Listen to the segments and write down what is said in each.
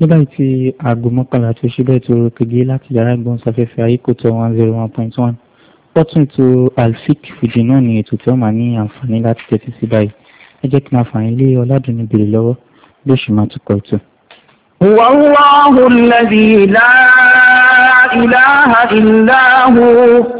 ní báyìí tí aago mọ́kànlá tó ṣe bẹ́ẹ̀ tó kéde láti yàrá ìgbóhùnsáfẹ́fẹ́ ayíkòtò one zero one point one pọ́tún ètò alfik fìdí náà ní ètò tí wọ́n máa ní àǹfààní láti tẹ̀sí sí báyìí ẹ jẹ́ kí n àǹfààní lé ọ̀làdùnní bèrè lọ́wọ́ bí oṣù máa tún kọ̀ ètò. wàhùn wàhùn lẹ́bi láàá ìlàhà ìlàhùn.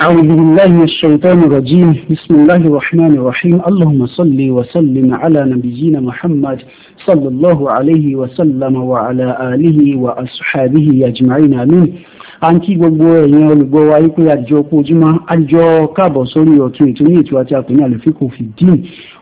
أعوذ بالله من الشيطان الرجيم بسم الله الرحمن الرحيم اللهم صل وسلم على نبينا محمد صلى الله عليه وسلم وعلى آله وأصحابه أجمعين آمين a ń kí gbogbo ẹ̀yin olùgbọ́ wa wípé àjọ kú ojúmọ́ àjọ káàbọ̀ sórí ọ̀tún ètò ètò àti àpò ní àlùfíkò fìdíìn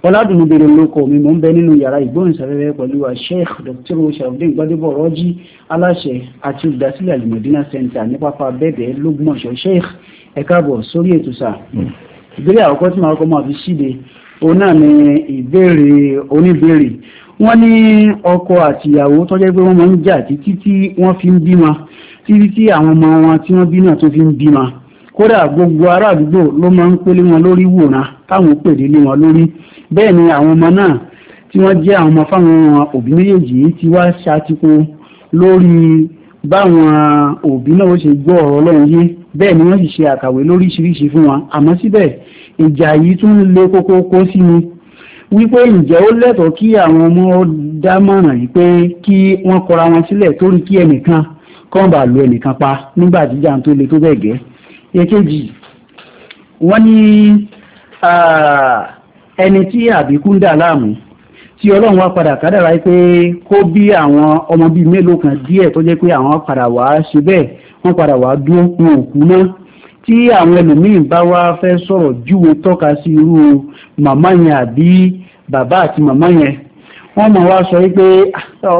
ọ̀làdùnú bèrè lóko mi mò ń bẹ nínú yàrá ìgbóhùnsáfẹ́fẹ́ pẹ̀lú Sheikh Dr. sharafdin gbadebo rọ́jí aláṣẹ àti olùdásílẹ̀ alimọ̀dínà center ní pápá bẹ́ẹ̀dẹ̀ lógúnmọ̀ṣọ́ sheikh ẹ káàbọ̀ sórí ètò sáà hmm. ìbéèrè àkọ́kọ́ tí màá kọ́ máa fi ṣíde òun náà ni ìbéèrè oníbéèrè wọ́n ní ọkọ àtìyàwó tó jẹ́ pé wọ́n máa ń jà títí tí wọ́n fi ń bímọ títí tí àwọn ọmọ wọn tí wọ́n bí náà tó fi ń bímọ kódà gbogbo ará àdúgbò ló máa ń pélé wọn lórí wòran táwọn pèrè lé wọn lórí bẹ́ẹ̀ ni àwọn ọmọ náà tí wọ́n jẹ́ àwọn ọmọ fáwọn òbí méjèèjì ti wá ṣàtìkò lórí báwọn òbí náà ó ṣe gbọ́ ọ̀rọ̀ ọlọ́run yé bẹ́ẹ̀ ni wọ́n sì ṣe àkàwé lóríṣiríṣi fún wa àmọ́ síbẹ̀ ìjà yìí tún le kókó kó sí ni wípé ǹjẹ́ ó lẹ́tọ̀ọ́ kí àwọn ọmọ dámọ̀ràn yìí pé kí wọ́n kọra wọn sílẹ̀ torí kí ẹnìkan kàn bá lu ẹnìkan pa nígbà tí jà ń tó le tó bẹ́ẹ̀ gẹ́ èkejì wọ́n ní ẹni tí àbíkú ń dà láàmú tí ọlọ́run wá padà kádàrá pé kó bí àwọn ọmọ bíi mélòó kan díẹ̀ tó jẹ́ pé àwọn padà wá ṣe bẹ́ẹ̀ wọ́n padà wá dúró wọn ò kú náà tí àwọn ẹlòmíín bá wá fẹ́ sọ̀rọ̀ júwe tọ́ka sí irú màmá yẹn àbí bàbá àti màmá yẹn wọ́n mọ̀ wá sọ pé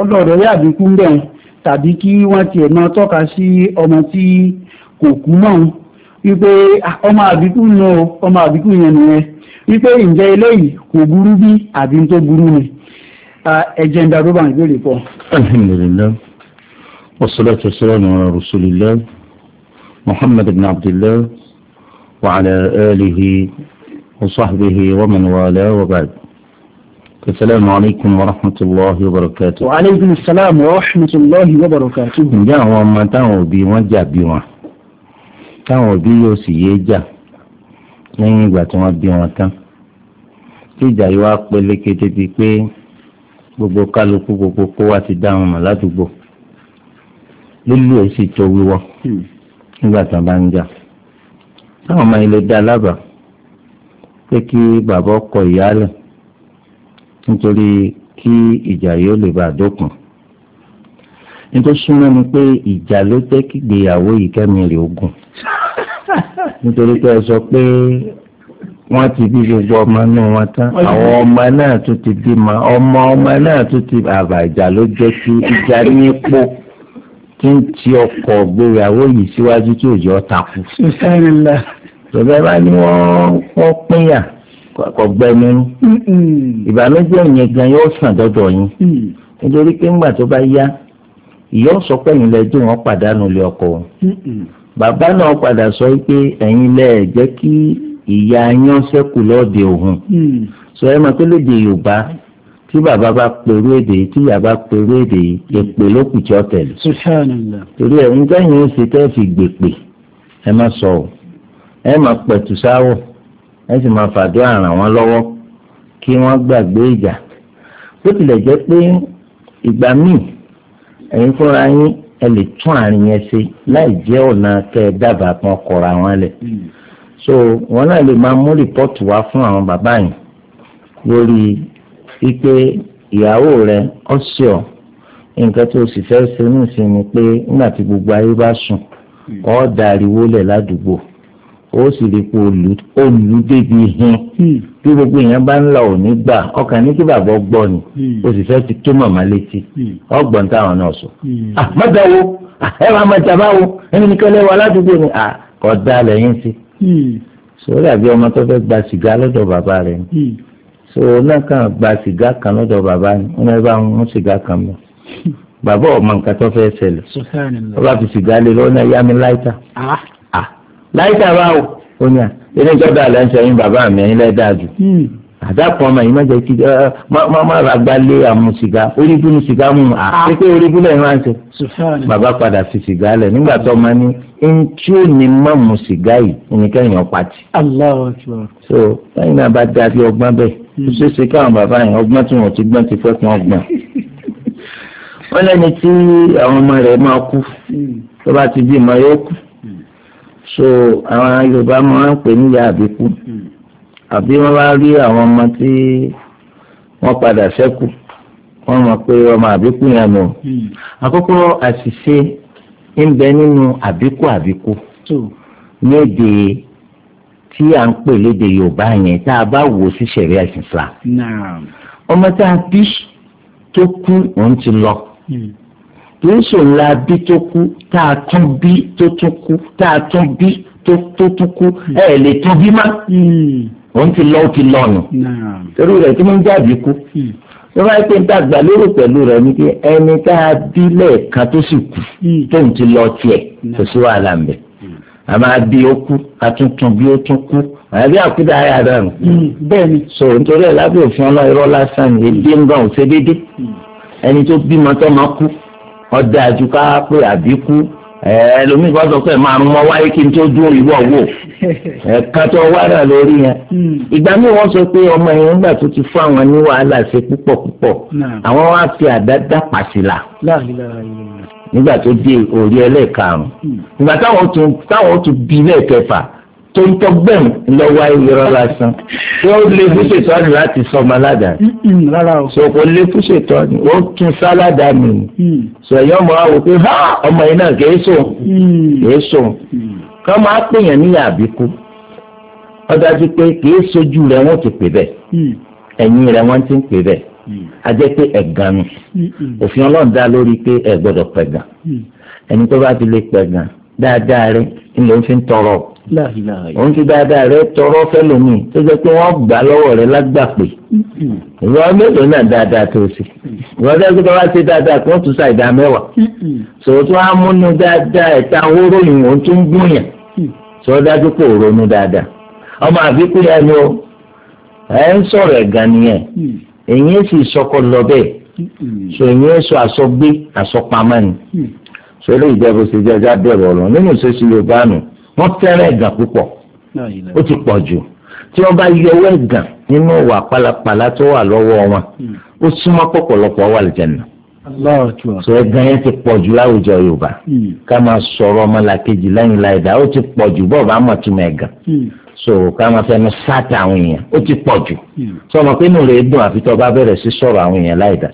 ọlọ́ọ̀dọ̀ rí àbíkú ń bẹ̀rù tàbí kí wọ́n tiẹ̀ máa tọ́ka sí ọmọ tí kò kú mọ́ wípé ọmọ àbíkú nù ọmọ àbíkú yẹn nìyẹn wípé ǹjẹ́ eléyìí kò burú bí àbí tó burú ni ẹ̀jẹ̀ ń darúbà ìbéèrè pọ̀. alhamdulilayi والصلاة والسلام على رسول الله محمد بن عبد الله وعلى آله وصحبه ومن والاه وبعد السلام عليكم ورحمة الله وبركاته وعليكم السلام ورحمة الله وبركاته ǹjẹ́ àwọn ọmọ táwọn òbí wọn jà bí wọn táwọn òbí yóò sì yéé jà lẹ́yìn ìgbà tí wọ́n bí wọn tán tí ìjà yìí wá peléke débi pé gbogbo kálukú gbogbo kó wá ti dá wọn mọ̀ ládùúgbò lílù ẹ̀ sì tó wíwọ́ hmm. nígbà tí wọ́n bá ń jà táwọn ọmọ ilé dá lábàá pé kí bàbá ọkọ ìyálẹ̀ nítorí kí ìjà yóò lè bá dókun nítorí súnmọ́ ni pé ìjà ló jẹ́ kí ìgbéyàwó yìí kẹ́mi rè ogun nítorí pé ẹ sọ pé wọ́n ti bí gbogbo ọmọ náà wọn tán àwọn ọmọ náà tún ti bímọ ọmọ ọmọ náà tún ti àbàjá ló jẹ́ kí ìjà ní ipò tí ń ti ọkọ̀ gbéyàwó yìí síwájú tí òjò takú. tọ́gbà bá ní wọ́n pínyà kò gbẹmírú ìbànújẹ́ yẹn gan yóò sàn dọ́dọ̀ yín mm. nítorí pé ńgbà tó bá yá ìyá sọ pé ẹ̀yin lẹ jẹ́ wọ́n pàdánù ilé ọkọ wọn bàbá náà padà sọ pé ẹ̀yin lẹ jẹ́ kí ìyá yín ṣẹ́kù lọ́ọ̀dẹ̀ òun mm. sọ ẹ máa tó lóde Yorùbá tí bàbá bá pèrú èdè yìí tí ìyá bá pèrú èdè yìí èpè ló kù tí ó tẹ̀lé. torí ẹ̀ ń gbẹ̀yìn oṣù tẹ́ fi gbèpè ẹ má sọ ọ́ ẹ má pẹ̀tù sáwọ̀ ẹ sì má fàdúrà ràn wọ́n lọ́wọ́ kí wọ́n gbàgbé ìjà bó tilẹ̀ jẹ́ pé ìgbà míì ẹ̀yin fúnra yín ẹ lè tún àárín yẹn ṣe láì jẹ́ ọ̀nà kẹ́ ẹ dábàá kan kọ̀ra wọn lẹ̀ hmm. so wọn náà lè máa mú rìpọ́ọ̀tù wá fún àwọn bàbá yìí lórí wípé ìyàwó rẹ ọ̀ṣọ́ nǹkan tó sì fẹ́ ṣe ní ìsinmi pé nígbà tí gbogbo ayé bá sùn ọ́ dariwo lẹ̀ ládùúgbò ó sì rí pé olù débi hin bí gbogbo èèyàn bá ń lọ òní gbà ọkàn ní kí bàbá gbọ́ ni ó sì fẹ́ ti tó màmá létí ọgbọ̀n táwọn náà sọ. àmọ́dáwo ẹ máa ma jàmbá wo ẹni nìkan lẹ́wọ̀ aládùúgbò ni kò dá lẹ́yìn sí. Hmm. sórí àbí ọmọ tó fẹ́ gba sìgá lọ́dọ̀ bàbá rẹ̀ ni. Hmm so náà kàn gba sìgá kan lọ́dọ̀ bàbá ni wọ́n náà bá mú sìgá kan mọ́ bàbá ọmọ nǹkan tó fẹ́ ṣẹlẹ̀ wọ́n bá fi sìgá lé lọ́wọ́ náà yá mi láìta ah. ah. láìta báwo ó ní à ilé ìjọba àlẹ́ ń sẹ́yìn bàbá mi ẹ̀yin lẹ́ẹ̀dáàdù àdàpọ̀ ọmọ yìí má jẹ́ kí má má ra gbalé àmú sìgá orí ibú ni sìgá mú à ṣé ah. pé orí ibú lẹ́yìn máa ń ṣe. bàbá padà fi sìgá lẹ̀ nígbà tó ọmọ ní ń tí ó ní má mú sìgá yìí ẹnikẹ́ni ọ̀pá tì. so lẹ́yìn náà bá dá bí ọgbọ́n bẹ́ẹ̀ ó ṣeé ṣe káwọn bàbá yẹn ọgbọ́n tí wọ́n ti gbọ́n ti fẹ́ kí wọ́n wọ́n lẹ́ni tí àwọn ọmọ rẹ̀ máa kú hmm. tó bá ti bí ìmọ̀ yóò kú hmm. so àwọn Yorùbá máa ń pè níyà àbí wọ́n bá rí àwọn ọmọ tí wọ́n padà ṣẹ́kù wọ́n mọ̀ pé ọmọ àbíkú yẹn nù. Hmm. àkọ́kọ́ àṣìṣe ń bẹ nínú àbíkú àbíkú ní èdè tí à ń pè lédè Yorùbá yẹn tá a bá wò sí ṣẹ̀rí ẹ̀sìn fúlà. ọmọ tá a bí tó kú òun ti lọ hmm. kì í ṣe ńlá bí tó kú tá a tún bí tó tún kú tá a tún bí tó tún kú hmm. ẹ lè tún bí má òun ti lọ ó ti lọ́nu torí rẹ̀ tí mo ń jáde kú ló bá yẹ pé níta gbà lérò pẹ̀lú rẹ̀ ni pé ẹni tá a bí lẹ́ẹ̀kan tó sì kú hmm. tóun ti lọ tiẹ̀ kò sí wàhálà ń bẹ̀ hmm. a máa bí ó kú a tún tún bí ó tún kú àbí àkúdà ayé àdánù. Hmm. bẹ́ẹ̀ni. so nítorí ẹ̀ lábẹ́ òfin ọlọ́run irọ́ lásán ni èdè ń gbọ́n òṣèdédé ẹni tó bímọ tó máa kú ọ̀dà àjùká pé àbíkú ẹlòmíì kan sọ pé márùn mọ wáyé kí n tó dún ìwọ wò ẹ̀ka tó wá rà lórí yẹn hmm. ìgbà míì wọ́n sọ pé ọmọ yẹn nígbà tó ti fún àwọn ní wàhálà ṣe púpọ̀ púpọ̀ àwọn wá fi àdá dá pàṣìlà nígbà tó dé orí ẹlẹ́ẹ̀karùn-ún nígbà hmm. táwọn tún bí lẹ́ẹ̀kẹfà tó ń tọgbẹ́m lọ́wọ́ irọ́ lásán tí ó lè fún ṣètọ́ni láti sọmọ aládàá so kò lè fún ṣètọ́ni ó tún sáládàá mi mm. sọ èyí ọmọ wa pé ha ọmọ yìí náà kìí sùn mm. kìí sùn mm. kọ́ máa pèèyàn níyà àbíkú ó dájú pé kìí sojú rẹ̀ wọ́n ti pè bẹ́ẹ̀ ẹ̀yìn rẹ̀ wọ́n ti ń pè bẹ́ẹ̀ a jẹ́ pé ẹ̀gàn nù òfin ọlọ́run dá lórí pé ẹ̀ gbọ́dọ̀ pẹ̀gàn ẹni tó bá ti lè pẹ̀gàn dáadáa rẹ̀ ńlọ fi ń tọrọ òun ti dáadáa rẹ tọrọ fẹlẹmi tó jẹ pé wọn gbà lọ́wọ́ rẹ lágbàpè ìwọ mélòó náà dáadáa tó ṣe ìwọ dáadáa tó wá ṣe dáadáa kó tún ṣe àìdá mẹ́wàá sòtún amúnú dáadáa ẹ̀ta hóró ìwọ̀n tó ń gbóyàn sọ dájú pé òrónú dáadáa ọmọ àbíkú yẹn ni ó ẹ ń sọ̀rọ̀ ẹ̀gàn nìyẹn èyí mm. sì sọkọ lọ bẹ́ẹ̀ sọ èyí sọ àsọgbé àsọpamọ́ ni mm. sọ eré ìjẹ́bù ṣe jẹ́ jábẹ̀rẹ̀ ọ̀rọ̀ nínú ìṣesí Yorùbá nù wọ́n fẹ́ràn ẹ̀gàn púpọ̀ ó ti pọ̀ jù tí wọ́n bá yọwọ́ ẹ̀gàn nínú ìwà pálapàla tó wà lọ́wọ́ wọn hmm. ó súnmọ́ pọ̀pọ̀lọpọ̀ wà lẹ́jẹ̀nà sọ ẹ̀gàn yẹn ti pọ̀ jù láwùjọ Yorùbá hmm. ká máa sọ̀rọ̀ ọmọlàkejì lẹ́yìn láìda ó ti pọ̀ jù bọ́ọ̀ bá mọ̀ túmọ̀ ẹ̀gàn hmm. so ká máa fẹnu sáàtì àwọn èèyàn ó ti pọ̀ jù sọmọ pé inú rẹ̀ dùn àfi tó bá bẹ̀rẹ̀ sí sọ̀rọ̀ àwọn èèyàn láì dá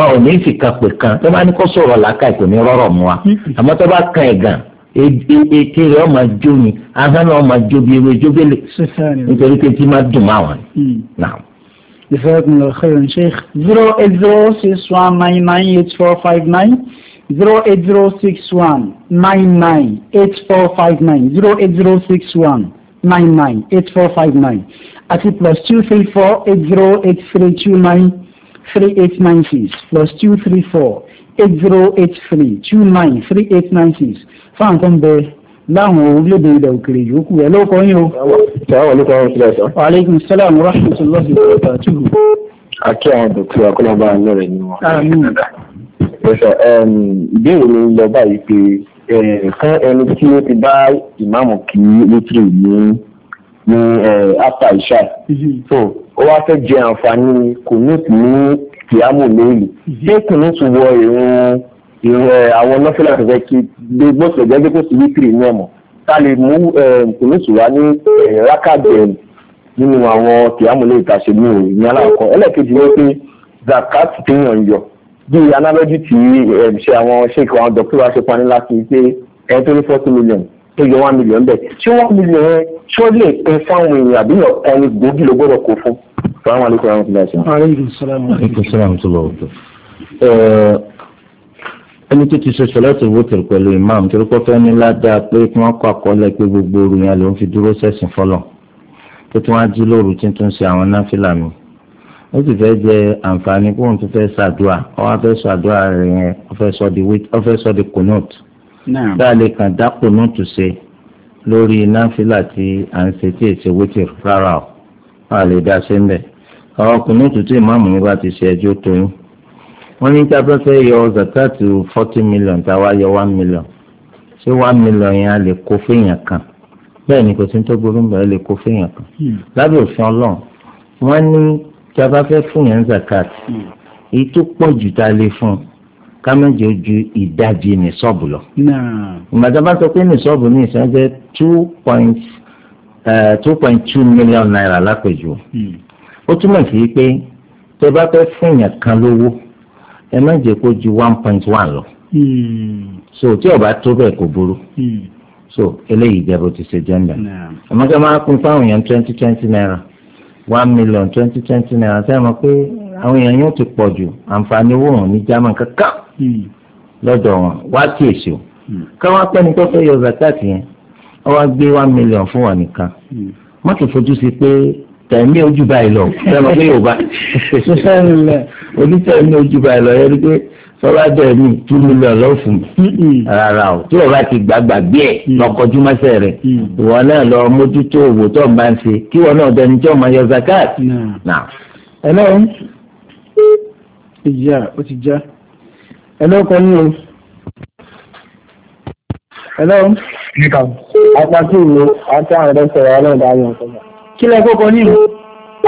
ọ ò ní fìkà pè kan tó bá ní kó sọ̀rọ̀ làákàì kò ní rọrọ̀ mu wa àmọ́ tó bá kan ẹ̀gàn ètè rẹ̀ ọmọ jó ni ahọ́n ọmọ jó bí ewé jó bẹ́lẹ̀ nítorí pé tí máa dùn máa wọn. Hmm. Jazakumullahu khairan Sheikh zero eight zero six one nine nine eight four five nine zero eight zero six one nine nine eight four five nine zero eight zero six one nine nine eight four five nine àti plus two three four eight zero eight three two nine three eight nine six plus two three four eight zero eight three two nine three eight nine six fáwọn tó ń bẹ láwọn orílẹ̀-èdè ilẹ̀ òkèrè yòókù ẹ̀ ló kọ́ yín o. sàwọn olùkọ́ àwọn sílẹ̀ sọ. wa aleykum salaam wa rahmatulahi wa barakatuhu. àkí àwọn dòkítà akọ́lọ́gbà lọ́rẹ̀ ni wọn. ẹ̀sọ̀ ìbéèrè mi lọ báyìí pé fún ẹni tí ó ti bá ìmáàmù kí létírì ní ní after isha mhm. so ó wá fẹ́ jẹ àǹfààní kò ní kì kìámù lóyè mhm. ṣé kò wọ ìrún ìrẹ àwọn nọ́fẹ̀lá tó fẹ́ kí gbogbo ṣẹ̀gbẹ́ gbé kó sí wípìrì ní ẹ̀mọ́ tá a lè mú ehm, kùnúùsù wá ní eh, rákàbẹ̀rù nínú àwọn kìámùlé ìtàṣe ní òòrùn ní aláàkọ́ ẹlẹ́ẹ̀kejì ni pé zakat téèyàn yọ bí anábẹ́jì tí ehm, ṣe àwọn ṣèkọ àwọn dọ́kítà ṣe pani láti pé ẹni tó ní forty million tó yọ one million bẹ́ẹ̀ ṣé one million yẹn ṣé ó lè pín fáwọn èèyàn àbí ẹni gbòógì ló gbọ́dọ̀ kó fún ẹni tó ti ṣe sọlẹ́tì wòtìrì pẹ̀lú imam torí pé fẹ́ ní ládàá pé kí wọ́n kọ́ àkọọ́lẹ̀ pé gbogbo òru yẹn ló ń fi dúró sẹ́sìn fọlọ̀ tó tún wá jí lóru tí tó ń ṣe àwọn náfìlà mi ó sì fẹ́ jẹ àǹfààní kóun tó fẹ́ ṣàdúà ó wá fẹ́ ṣàdúà rẹ̀ yẹn ó fẹ́ sọ di kùnúùtù tá a lè kàn dá kùnúùtù ṣe lórí náfìlà tí à ń ṣe tí èsì wòtìrì rárá o a lè dá wọ́n ní tá a fẹ́ fẹ́ yọ zakati forty million tá a wá yọ one million ṣé one million yẹn a lè kó fèèyàn kan bẹ́ẹ̀ ni kò sí tó burú bẹ́ẹ̀ lè kó fèèyàn kan hmm. lábẹ́ òfin ọlọ́run wọ́n ní tá a bá fẹ́ fún yẹn zakati hmm. èyí tó pọ̀ jù tá a lè fún un ká méje ojú ìdajì ní sọ́ọ̀bù lọ. ìgbàdàn bá sọ pé ní sọ́ọ̀bù ní ìsẹ́jẹ́ two point eh, two point two million naira lápèjú hmm. ó túmọ̀ sí pé tẹ bá fẹ́ fún yẹn kan lówó ẹ má jẹ́ kó ju one point one lọ hmm. so tí ọba tó bẹ́ẹ̀ kò burú hmm. so eléyìí jẹ́ bó ti ṣe jẹ́ mbẹ́ àmọ́ kí wọ́n máa pín fáwọn èèyàn twenty twenty naira one million twenty twenty naira sẹ́yìn mọ̀ pé àwọn èèyàn yóò ti pọ̀ jù àǹfààní owó wọn ní german kankan hmm. lọ́dọ̀ wọn wá kí èso káwọn apẹ́ni tó fẹ́ yọ zakat yẹn wọ́n wá gbé one million fún wọn nìkan mọ́tò fojú sí pé tẹ̀mí ojú báyìí lọ sẹ́nu pé yorùbá onítẹ̀mí ojú báyìí lọ yẹn pé sọlá dẹ̀mí two million lọ rárá o tí yorùbá ti gbàgbàgbé ẹ̀ mm. lọ́kọ́jú rẹ̀ mm. ìwọ náà lọ mójútó òwò tó ń bá ń ṣe kí wọn náà dẹni tí ọmọ yọ zakat. ẹ̀lọ́ mm. ìjà ó ti já ẹ̀lọ́ kan ní o ẹ̀lọ́. nípa apá ìlú àti àwọn ẹ̀rọ sọ̀rọ̀ ọlọ́ọ̀dà àwọn ọ̀sán náà kí lẹ kọ́kọ́ nínú.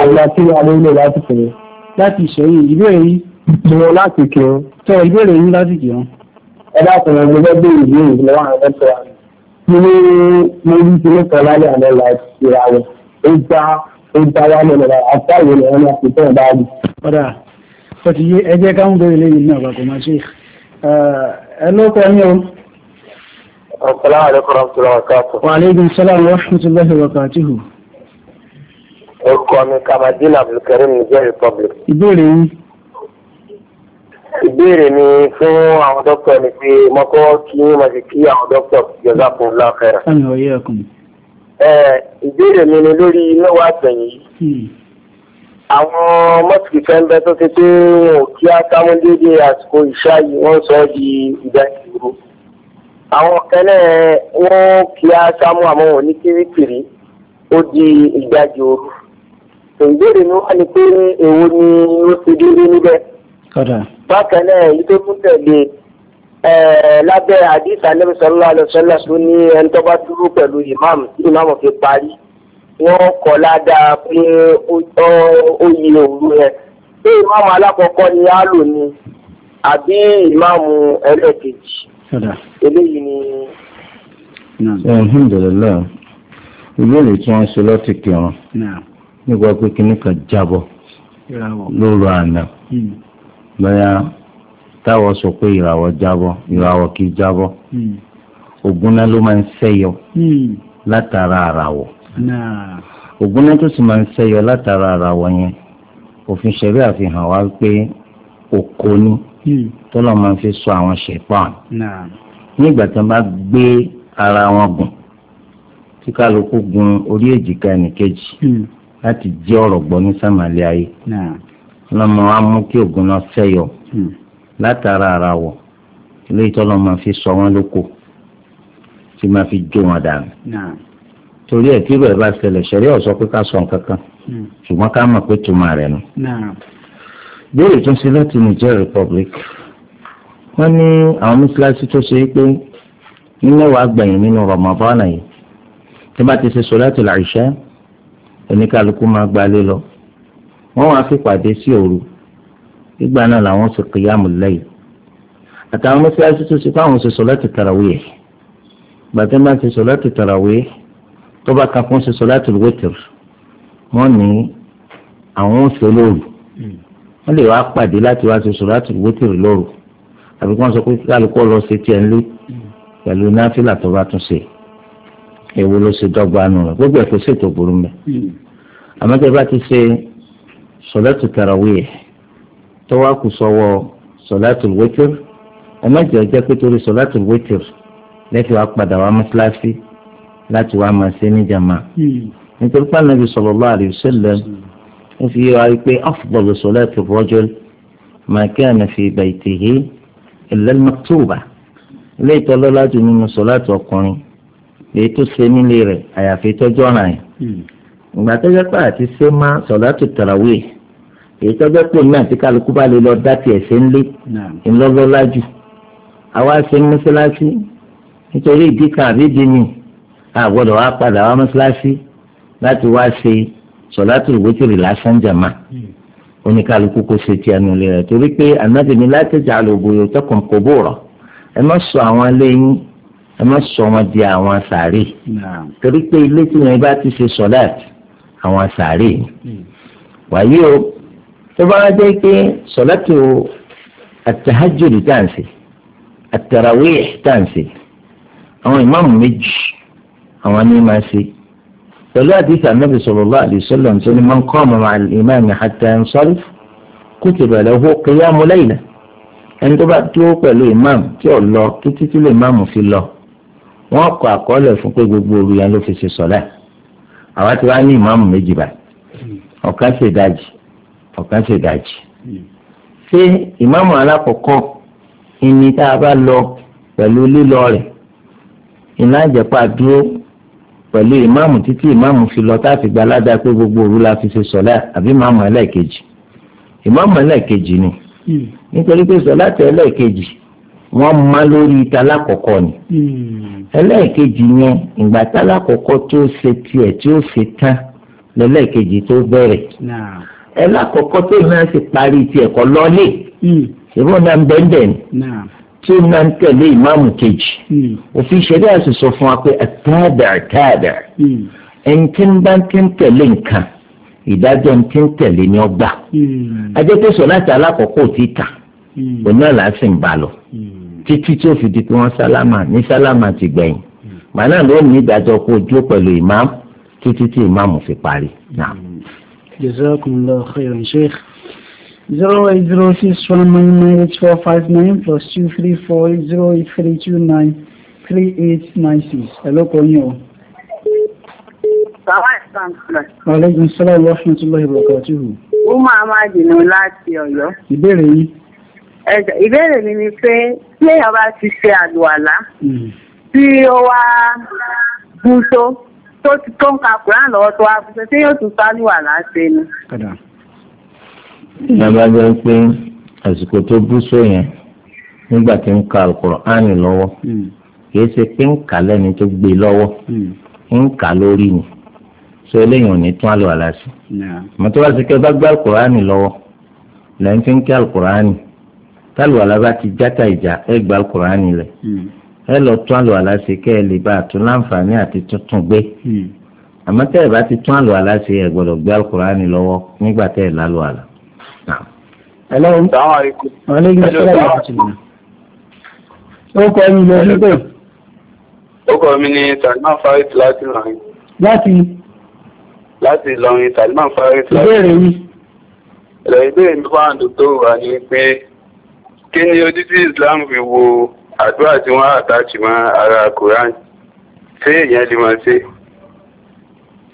àgbà tí a lè lò láti kiri. láti ìṣòro ìbéèrè yìí. mo láti kiri. tọ ìbéèrè yìí láti kiri. ẹ bá tẹ̀lé mi lọ bí ìbéèrè mi lọ́wọ́ àwọn ẹ̀tọ́ wa. mo ní mo ní ti ní kan lálẹ́ àná la ìra rẹ̀ ó já ó já wá lọ́nà rẹ̀ àti àyè rẹ̀ wọn láti tẹ̀ báyìí. padà ó yé ẹ jẹ́ káwọn bẹ̀rẹ̀ lẹ́yìn náà bàbá máa ṣe ẹ lóko ẹ̀yìn o. Assalamu alaikum warahmatullahi wabarakatuh. Wa alaikum salam warahmatullahi wabarakatuh orúkọ mi kamadina abdulkareem niger republic. ìbéèrè yìí. ìbéèrè mi fún àwọn dókítà ni pé mọ́kọ́ kí mo ti kí àwọn dókítà jọ̀dá fún láfẹ́rẹ́. ẹ̀yin ọ̀yẹ́ ẹ̀kùn. ìbéèrè mi ni lórí mẹ́wàá àtẹ̀yìn yìí. Hmm. àwọn mọ́sìkì fẹ́ńbẹ́ tó ti pé wọn ò kí ákámúdédé àsìkò ìṣá yìí wọ́n sọ ọ́ di ìdájúró. àwọn kẹ́lẹ́ wọn kí ákámú àmọ́ wọn ní kíríkìrí ó di ìdájúró ìbéèrè mi wá ni pé èwo ni ó ti délé níbẹ̀. bákan náà èyí tó tún tẹ̀lé lábẹ́ àdìsá Ànábì sallallahu alaihi wasallam tó ní ẹni tó bá dúró pẹ̀lú ìmáàmù tí ìmáàmù fi parí wọ́n kọ́ ládàá pé ó yẹ òru yẹn pé ìmáàmù alákọ̀ọ́kọ́ ni á lò ní àbí ìmáàmù ẹlẹ́ẹ̀kejì eléyìí ni. alhamdulilayi ìbéèrè tí wọ́n ṣe lọ́tìkì wọn nígbà pé kíní kan jábọ̀ lóru àná hmm. bóyá táwọn sọ pé ìràwọ̀ jábọ̀ ìràwọ̀ kì í jábọ̀ hmm. ògúnná ló máa ń ṣẹ́yọ hmm. látara àràwọ̀ ògúnná tó sì máa ń ṣẹ́yọ látara àràwọ̀ yẹn òfin ṣẹ̀rí àfihàn wá pé òkò ni tọ́lọ́ máa fi sọ àwọn ṣẹ̀pọ̀n nígbà tí wọ́n bá gbé ara wọn gùn tí gun orí èjìká ẹnìkejì láti jẹ́ ọ̀rọ̀ gbọ́ ní sàmàlẹ́ ayé lọ́mọ wa mú kí ògùn náà fẹ́yọ̀ hmm. látara ara wọ̀ eléyìí tọ́lọ́ máa fi sọ wọ́n lóko tí máa fi jó wọn dànù torí ẹ̀ tí bẹ́ẹ̀ bá ṣẹlẹ̀ ṣẹlẹ̀ ọ̀sọ́ pé ká sọ nǹkan kan hmm. ṣùgbọ́n ká mọ̀ pé tuma rẹ̀ nù. béèrè tún sí láti Niger Republic wọ́n ní àwọn mọ́sálásí tó ṣe é pé ní mẹ́wàá gbẹ̀yìn nínú Ramadan yìí tí bá ti ṣe sọ́látùl Ìṣá oníkálukú máa gbalé lọ wọ́n wá fi pàdé sí òru ìgbà náà làwọn sì kíyàmù lẹ́yìn àtàwọn mọ́sálásí tó ti fáwọn ṣe sọ̀láàtì tarawih gbàtẹ́ máa ṣe sọ̀láàtì tarawih tó bá kankan ṣe sọ̀láàtì witr wọ́n ní àwọn oṣù lóru wọ́n lè wá pàdé láti wá ṣe sọ̀láàtì witr lóru àbí kí wọ́n sọ pé kálukú lọ ṣe tiẹ̀ ńlé pẹ̀lú náfìlà tó tún ṣe èwo ló ṣe dọ́gba nù rẹ̀ gbogbo ẹ̀kọ́ ṣètò burú mẹ́. àmọ́ tẹ́ bá ti ṣe sọ̀látù tarawih tó wá kù sọ́wọ́ sọ̀látù wẹ́tìr ọmọ ìjọ jẹ́ pé torí sọ̀látù wẹ́tìr lẹ́tì wá padà wá mọ́ṣáláṣí láti wá máa ṣe ní jàmá. nítorí pé Ànábì sallallahu alaihi wasallam ó fi yé wa pé afdalu sọ̀látù rajul ma kana èyí tó ṣe nílé rẹ̀ àyàfi tọ́jú ọ̀ràn yẹn hmm. ìgbà tó jẹ́ pé àti ṣe má sọ̀dátù tàràwé èyí tó jẹ́ pé náà tí kálukú bá lè lọ dá tiẹ̀ ṣe ń lé ńlọ́lọ́lájú àwa ṣe ń mọ́ṣáláṣí nítorí ìdí kan àbí ìdí mi àgbọ̀dọ̀ wá padà wá mọ́ṣáláṣí láti wá ṣe sọ̀dátù wítìrì lásán jàmá hmm. oníkálukú kó ṣe ti ẹnu lé torí pé ànábìnrin ẹ má sọ wọn di àwọn sàárè torí pé ilé tí wọn bá ti ṣe sọláàtì àwọn sàárè hmm. wàyí o tó bá jẹ́ pé sọláàtì o àtàhájòdì tàǹsì àtàràwé tàǹsì àwọn ìmáàmù méjì àwọn ní máa ṣe pẹ̀lú àdìsí ànábì sallallahu alaihi wasallam tó ní man qama ma'a al-imami hatta yansarif kutiba lahu qiyamu layla ẹni tó bá dúró pẹ̀lú ìmáàmù tí ò lọ títí tí lè máàmù fi lọ wọ́n kọ àkọọ́lẹ̀ fún pé gbogbo òru yẹn ló fi ṣe sọ̀lá àwa ti wá ní ìmáàmù méjì báyìí ọ̀kan ṣe ìdajì ọ̀kan ṣe ìdajì ṣé ìmáàmù alákọ̀ọ́kọ́ ìní tá a bá lọ pẹ̀lú lílọ rẹ̀ ìná àjẹpá dúró pẹ̀lú ìmáàmù títí ìmáàmù fi lọ tá a fi gba aládàá pé gbogbo òru la fi ṣe sọ̀lá àbí ìmáàmù ẹlẹ́ẹ̀kejì ìmáàmù ẹlẹ́ẹ̀kejì ni hmm. nítorí pé sọ̀lá tẹ ẹlẹ́ẹ̀kejì wọ́n má lórí tálákọ̀ọ́kọ́ ni hmm. ẹlẹ́ẹ̀kejì yẹn ìgbà tálákọ̀ọ́kọ́ tó ṣe tiẹ̀ tí ó ṣe tán lẹ́lẹ́ẹ̀kejì tó bẹ̀rẹ̀ ẹlákọ̀ọ́kọ́ tó náà sì parí tiẹ̀ kọ́ lọ́lé ìbọn hmm. náà ń bẹ́ńbẹ́ ni tí ó náà ń tẹ̀lé ìmáàmù kejì hmm. òfin ṣẹlẹ̀ àṣìṣọ fún wa pé àtàdà àtàdà ẹni tí ń bá ti ń tẹ̀lé nǹkan ìdájọ́ ti ń tẹ̀lé ní ọgbà ajẹ́pẹ́sọ̀ láti alákọ̀ọ́kọ́ òtítà òun náà láti ń bá lọ títí tí ó fi di pé wọ́n sálámà ní sálámà ti gbẹ̀yìn màá náà ló ní ìdájọ́ kó dúró pẹ̀lú imam títí tí imam fi parí. jazakumullahu khairan sheikh zero eight zero six one nine nine eight four five nine plus two three four eight zero eight three two nine three eight nine six hello kọ́nyìn o. Wa alaikum salaam wa rahmatullahi wa barakatuhu. Ó máa máa o láti Ọ̀yọ́. Ìbéèrè yìí ìbéèrè mi ni pé tí èèyàn bá ti ṣe àlùwàlá hmm. tí ó wá bú tó tó ti tó ń ka kùrán lọ́wọ́ tó wá bú tó tí yóò tún sálùwàlá ṣe ni. Bàbá jẹ́ pé àsìkò tó bú só yẹn nígbà tí ń ka alukur'an lọ́wọ́ hmm. kìí ṣe pé ń kà lẹ́ni tó gbé e lọ́wọ́ hmm. ń kà lórí ni so eléyìí ò ní tún àlùwàlá ṣe. Mọ̀tò wá sí kí ẹ bá gbé alukur'an lọ́wọ́ lẹ́yìn tí ń kí alukur'an lọ́wọ́ tálùwàlá bá ti játa ìjà ẹ gba alukur'ani lẹ̀ hmm. ẹ lọ tún àlùwàlá ṣe kẹ́ ẹ lè bá a tún láǹfààní àti tuntun gbé hmm. àmọ́ tẹ́ ẹ bá ti tún àlùwàlá ṣe ẹ gbọ́dọ̀ gbé alukur'ani lọ́wọ́ nígbà tẹ́ ẹ lálùwàlá. ẹlẹ́wọ̀n wọn lé ní ìṣẹ́lẹ̀ yìí ó kọ́ ẹni lọ sí pé. ó kọ́ mi ní Salman Farid láti Ìlọrin. láti. láti Ìlọrin Salman Farid láti. ìbéèrè ìbéèrè mi fún kí ni ojú tí Islam fi wo àdúrà tí wọ́n àtàkì mọ́ ara Quran ṣé èèyàn lè máa ṣe.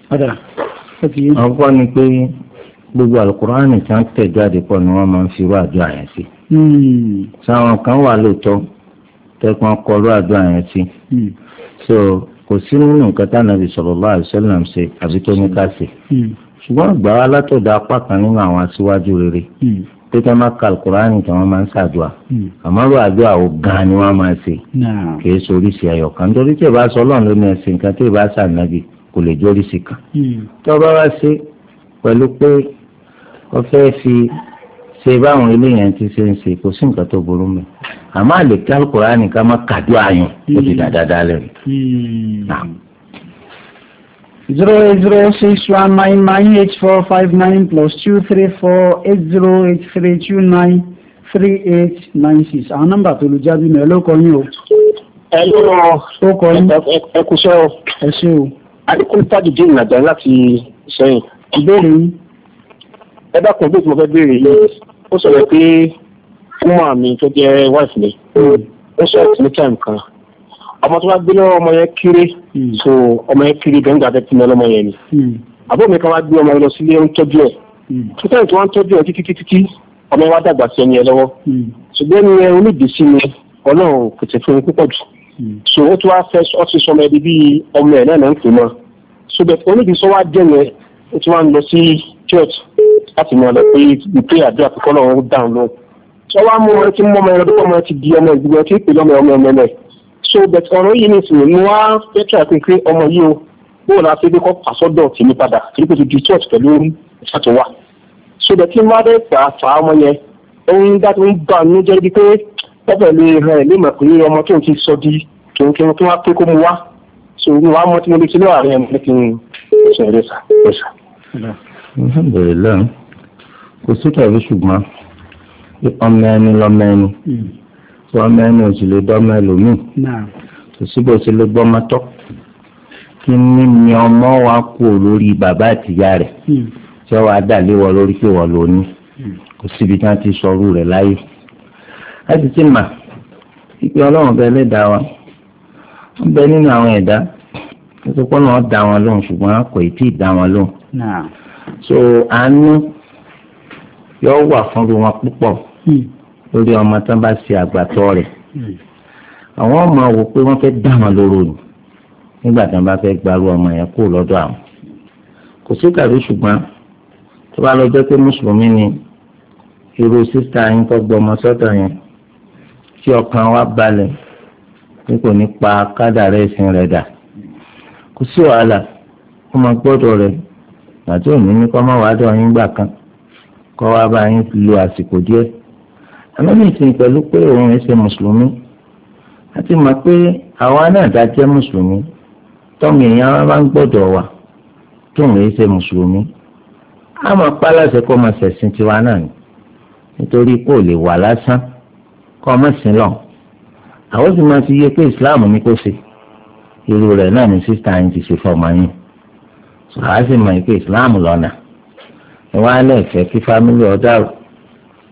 padà ó ti yé. wọ́n kọ́ ni pé gbogbo alukur'an tí wọ́n tẹ̀ jáde pọ̀ ni wọ́n máa ń fi irú àdúrà yẹn sí. sáwọn hmm. kan wà lóòótọ́ tẹ́kun kọlu àdúrà yẹn sí. Hmm. so kò sí nínú nǹkan tá nàbì sallallahu alaihi wasallam ṣe àbí tó ní ká ṣe. Hmm. ṣùgbọ́n gbà wá látọ̀dọ̀ apá kan nínú àwọn aṣíwájú rere pé kí wọ́n máa ka alukur'an kí wọ́n máa ń ṣàdúrà hmm. àmọ́ ọ̀rọ̀ àdúrà wo gan ni wọ́n máa ṣe kì í soríṣi ẹyọ kan torí tí ìbá sọ ọlọ́run ló ní ẹsẹ̀ nǹkan tí ìbá ṣànàbì kò lè jóríṣi kan hmm. tí wọ́n wá ṣe pẹ̀lú pé wọ́n fẹ́ fi ṣe báwọn eléyàn ti ṣe ń ṣe kò sí nǹkan tó burú mọ́ àmọ́ kí alukur'an ká máa kàdúrà yàn ó ti hmm. dàdáadáa lẹ́nu zero zero six one nine nine eight four five nine plus two three four eight zero eight three two nine three eight nine six àwọn nọ́mbà tó lu jábí mi ẹ ló kọ yín o. ẹ ló rọ ó kọ yín ẹ kú sọ ọ. ẹ ṣe o. adékun tajudé ìrìnàjò láti sẹ́yìn. ìbéèrè yín. ẹ dákun bí mo fẹ́ béèrè yìí ó sọ̀rọ̀ pé fún màmí tó jẹ́ wife mi ó sọ̀rọ̀ tí ní time kan ọmọ tó wá gbé lọ́wọ́ ọmọ yẹn kéré hmm. so ọmọ yẹn kéré gan gàdẹ́ tí mo lọ́mọ yẹn ni hmm. àbúrò mi kan wá gbé ọmọ yẹn lọ sílé ń tọ́jú ẹ̀ hmm. tó tẹ́lẹ̀ tí ń tọ́jú ẹ̀ títí ọmọ yẹn wá dàgbà sí ẹni yẹn lọ́wọ́ ṣùgbọ́n ẹni onídìísí ni ọlọ́run kò tẹ̀ fún púpọ̀ jù so ó tún wá fẹ́ ọ ti sọmọ ẹbí bí ọmọ ẹ̀ náà ló ń pè mọ́ so bẹ́ẹ̀ onídìísọ́ wá jẹ́ yẹn ó tún wá ń lọ sí church láti mọ̀ lọ pé ìpè àdúrà pé kọ́lọ́run ó dáhùn lọ. sọ wá mú ọmọ ẹ ti mú ọmọ ẹ lọ́dún so bẹ̀tẹ̀ ọ̀rọ̀ yìí ní ìsìn ní wọ́n á fẹ́ tí a pín pé ọmọ yìí o bóun náà ṣe dékọ́ àsọ́dọ̀ tì mí padà kí ló ti di twelve pẹ̀lú ìṣàtò wa so bẹ̀tẹ̀ má dé gbà fà á ọmọ yẹn òun dá tó ń bà mí jẹ́ bí pé pẹ́pẹ́ lè rẹ̀ lè mọ̀ pé ọmọ tó ń ti sọ di tòun kí wọ́n pé kó mu wá so ní wàá mọ tí mo lè ṣe lọ́wọ́ àárín ẹ̀mí kí n ṣe ẹ̀rẹ́ sà ẹ̀rẹ́ sà tí wọ́n mẹ́nu ò sì lè dọ́mọ ẹlòmíì kò síbò sí lè gbọ́mọ tọ́ kí ní ni ọmọ wa kú lórí bàbá àtìyá rẹ̀ hmm. tí wọ́n wá dà lé wọ lórí pé wọ́n lò ní hmm. kò síbi tí wọ́n ti sọrú rẹ̀ láyé láti ti mà ìpè ọlọ́run bẹ́ẹ̀ lè wa wọ́n bẹ nínú àwọn ẹ̀dá nítorí náà dá wọn lóhùn ṣùgbọ́n kò tí ì dá wọn lóhùn. so àánú yóò wà fún wọn púpọ̀. Hmm lórí ọmọ tán bá ṣe àgbàtọ́ rẹ̀ àwọn ọmọ wò pé wọ́n fẹ́ dá wọn lóró ni nígbà tán bá fẹ́ gbarú ọmọ yẹn kó lọ́dọ̀ àwọn kò sí tàbí ṣùgbọ́n tó bá lọ jẹ́ pé mùsùlùmí ni irú sísá yín tó gbọmọ sọ́tọ̀ yẹn tí ọkàn wa balẹ̀ ní kò ní pa kádàrá ẹ̀sìn rẹ̀ dà kò sí wàhálà ó máa gbọ́dọ̀ rẹ̀ àti òní ní kọ́ yín gbà kan kọ́ wá bá yín lu àsìkò díẹ̀ àmọ́ ní ìsìn pẹ̀lú pé òun ẹ̀ ṣe mùsùlùmí àti mọ̀ pé àwa náà dá jẹ́ mùsùlùmí tọ́mù èèyàn bá ń gbọ́dọ̀ wà tó òun ẹ̀ ṣe mùsùlùmí á máa pa láṣẹ kó máa ṣẹ̀sìn tiwa náà ni nítorí kó lè wà lásán kó ọmọ sí lọ àwọn sì máa ti yẹ pé Islam ní kó ṣe irú rẹ̀ náà ni sísá yín ti ṣe fọmọ yín sọ àá sì mọ̀ pé Islam lọ́nà ìwà alẹ́ ìfẹ́ kí fámílì ọ̀dàrú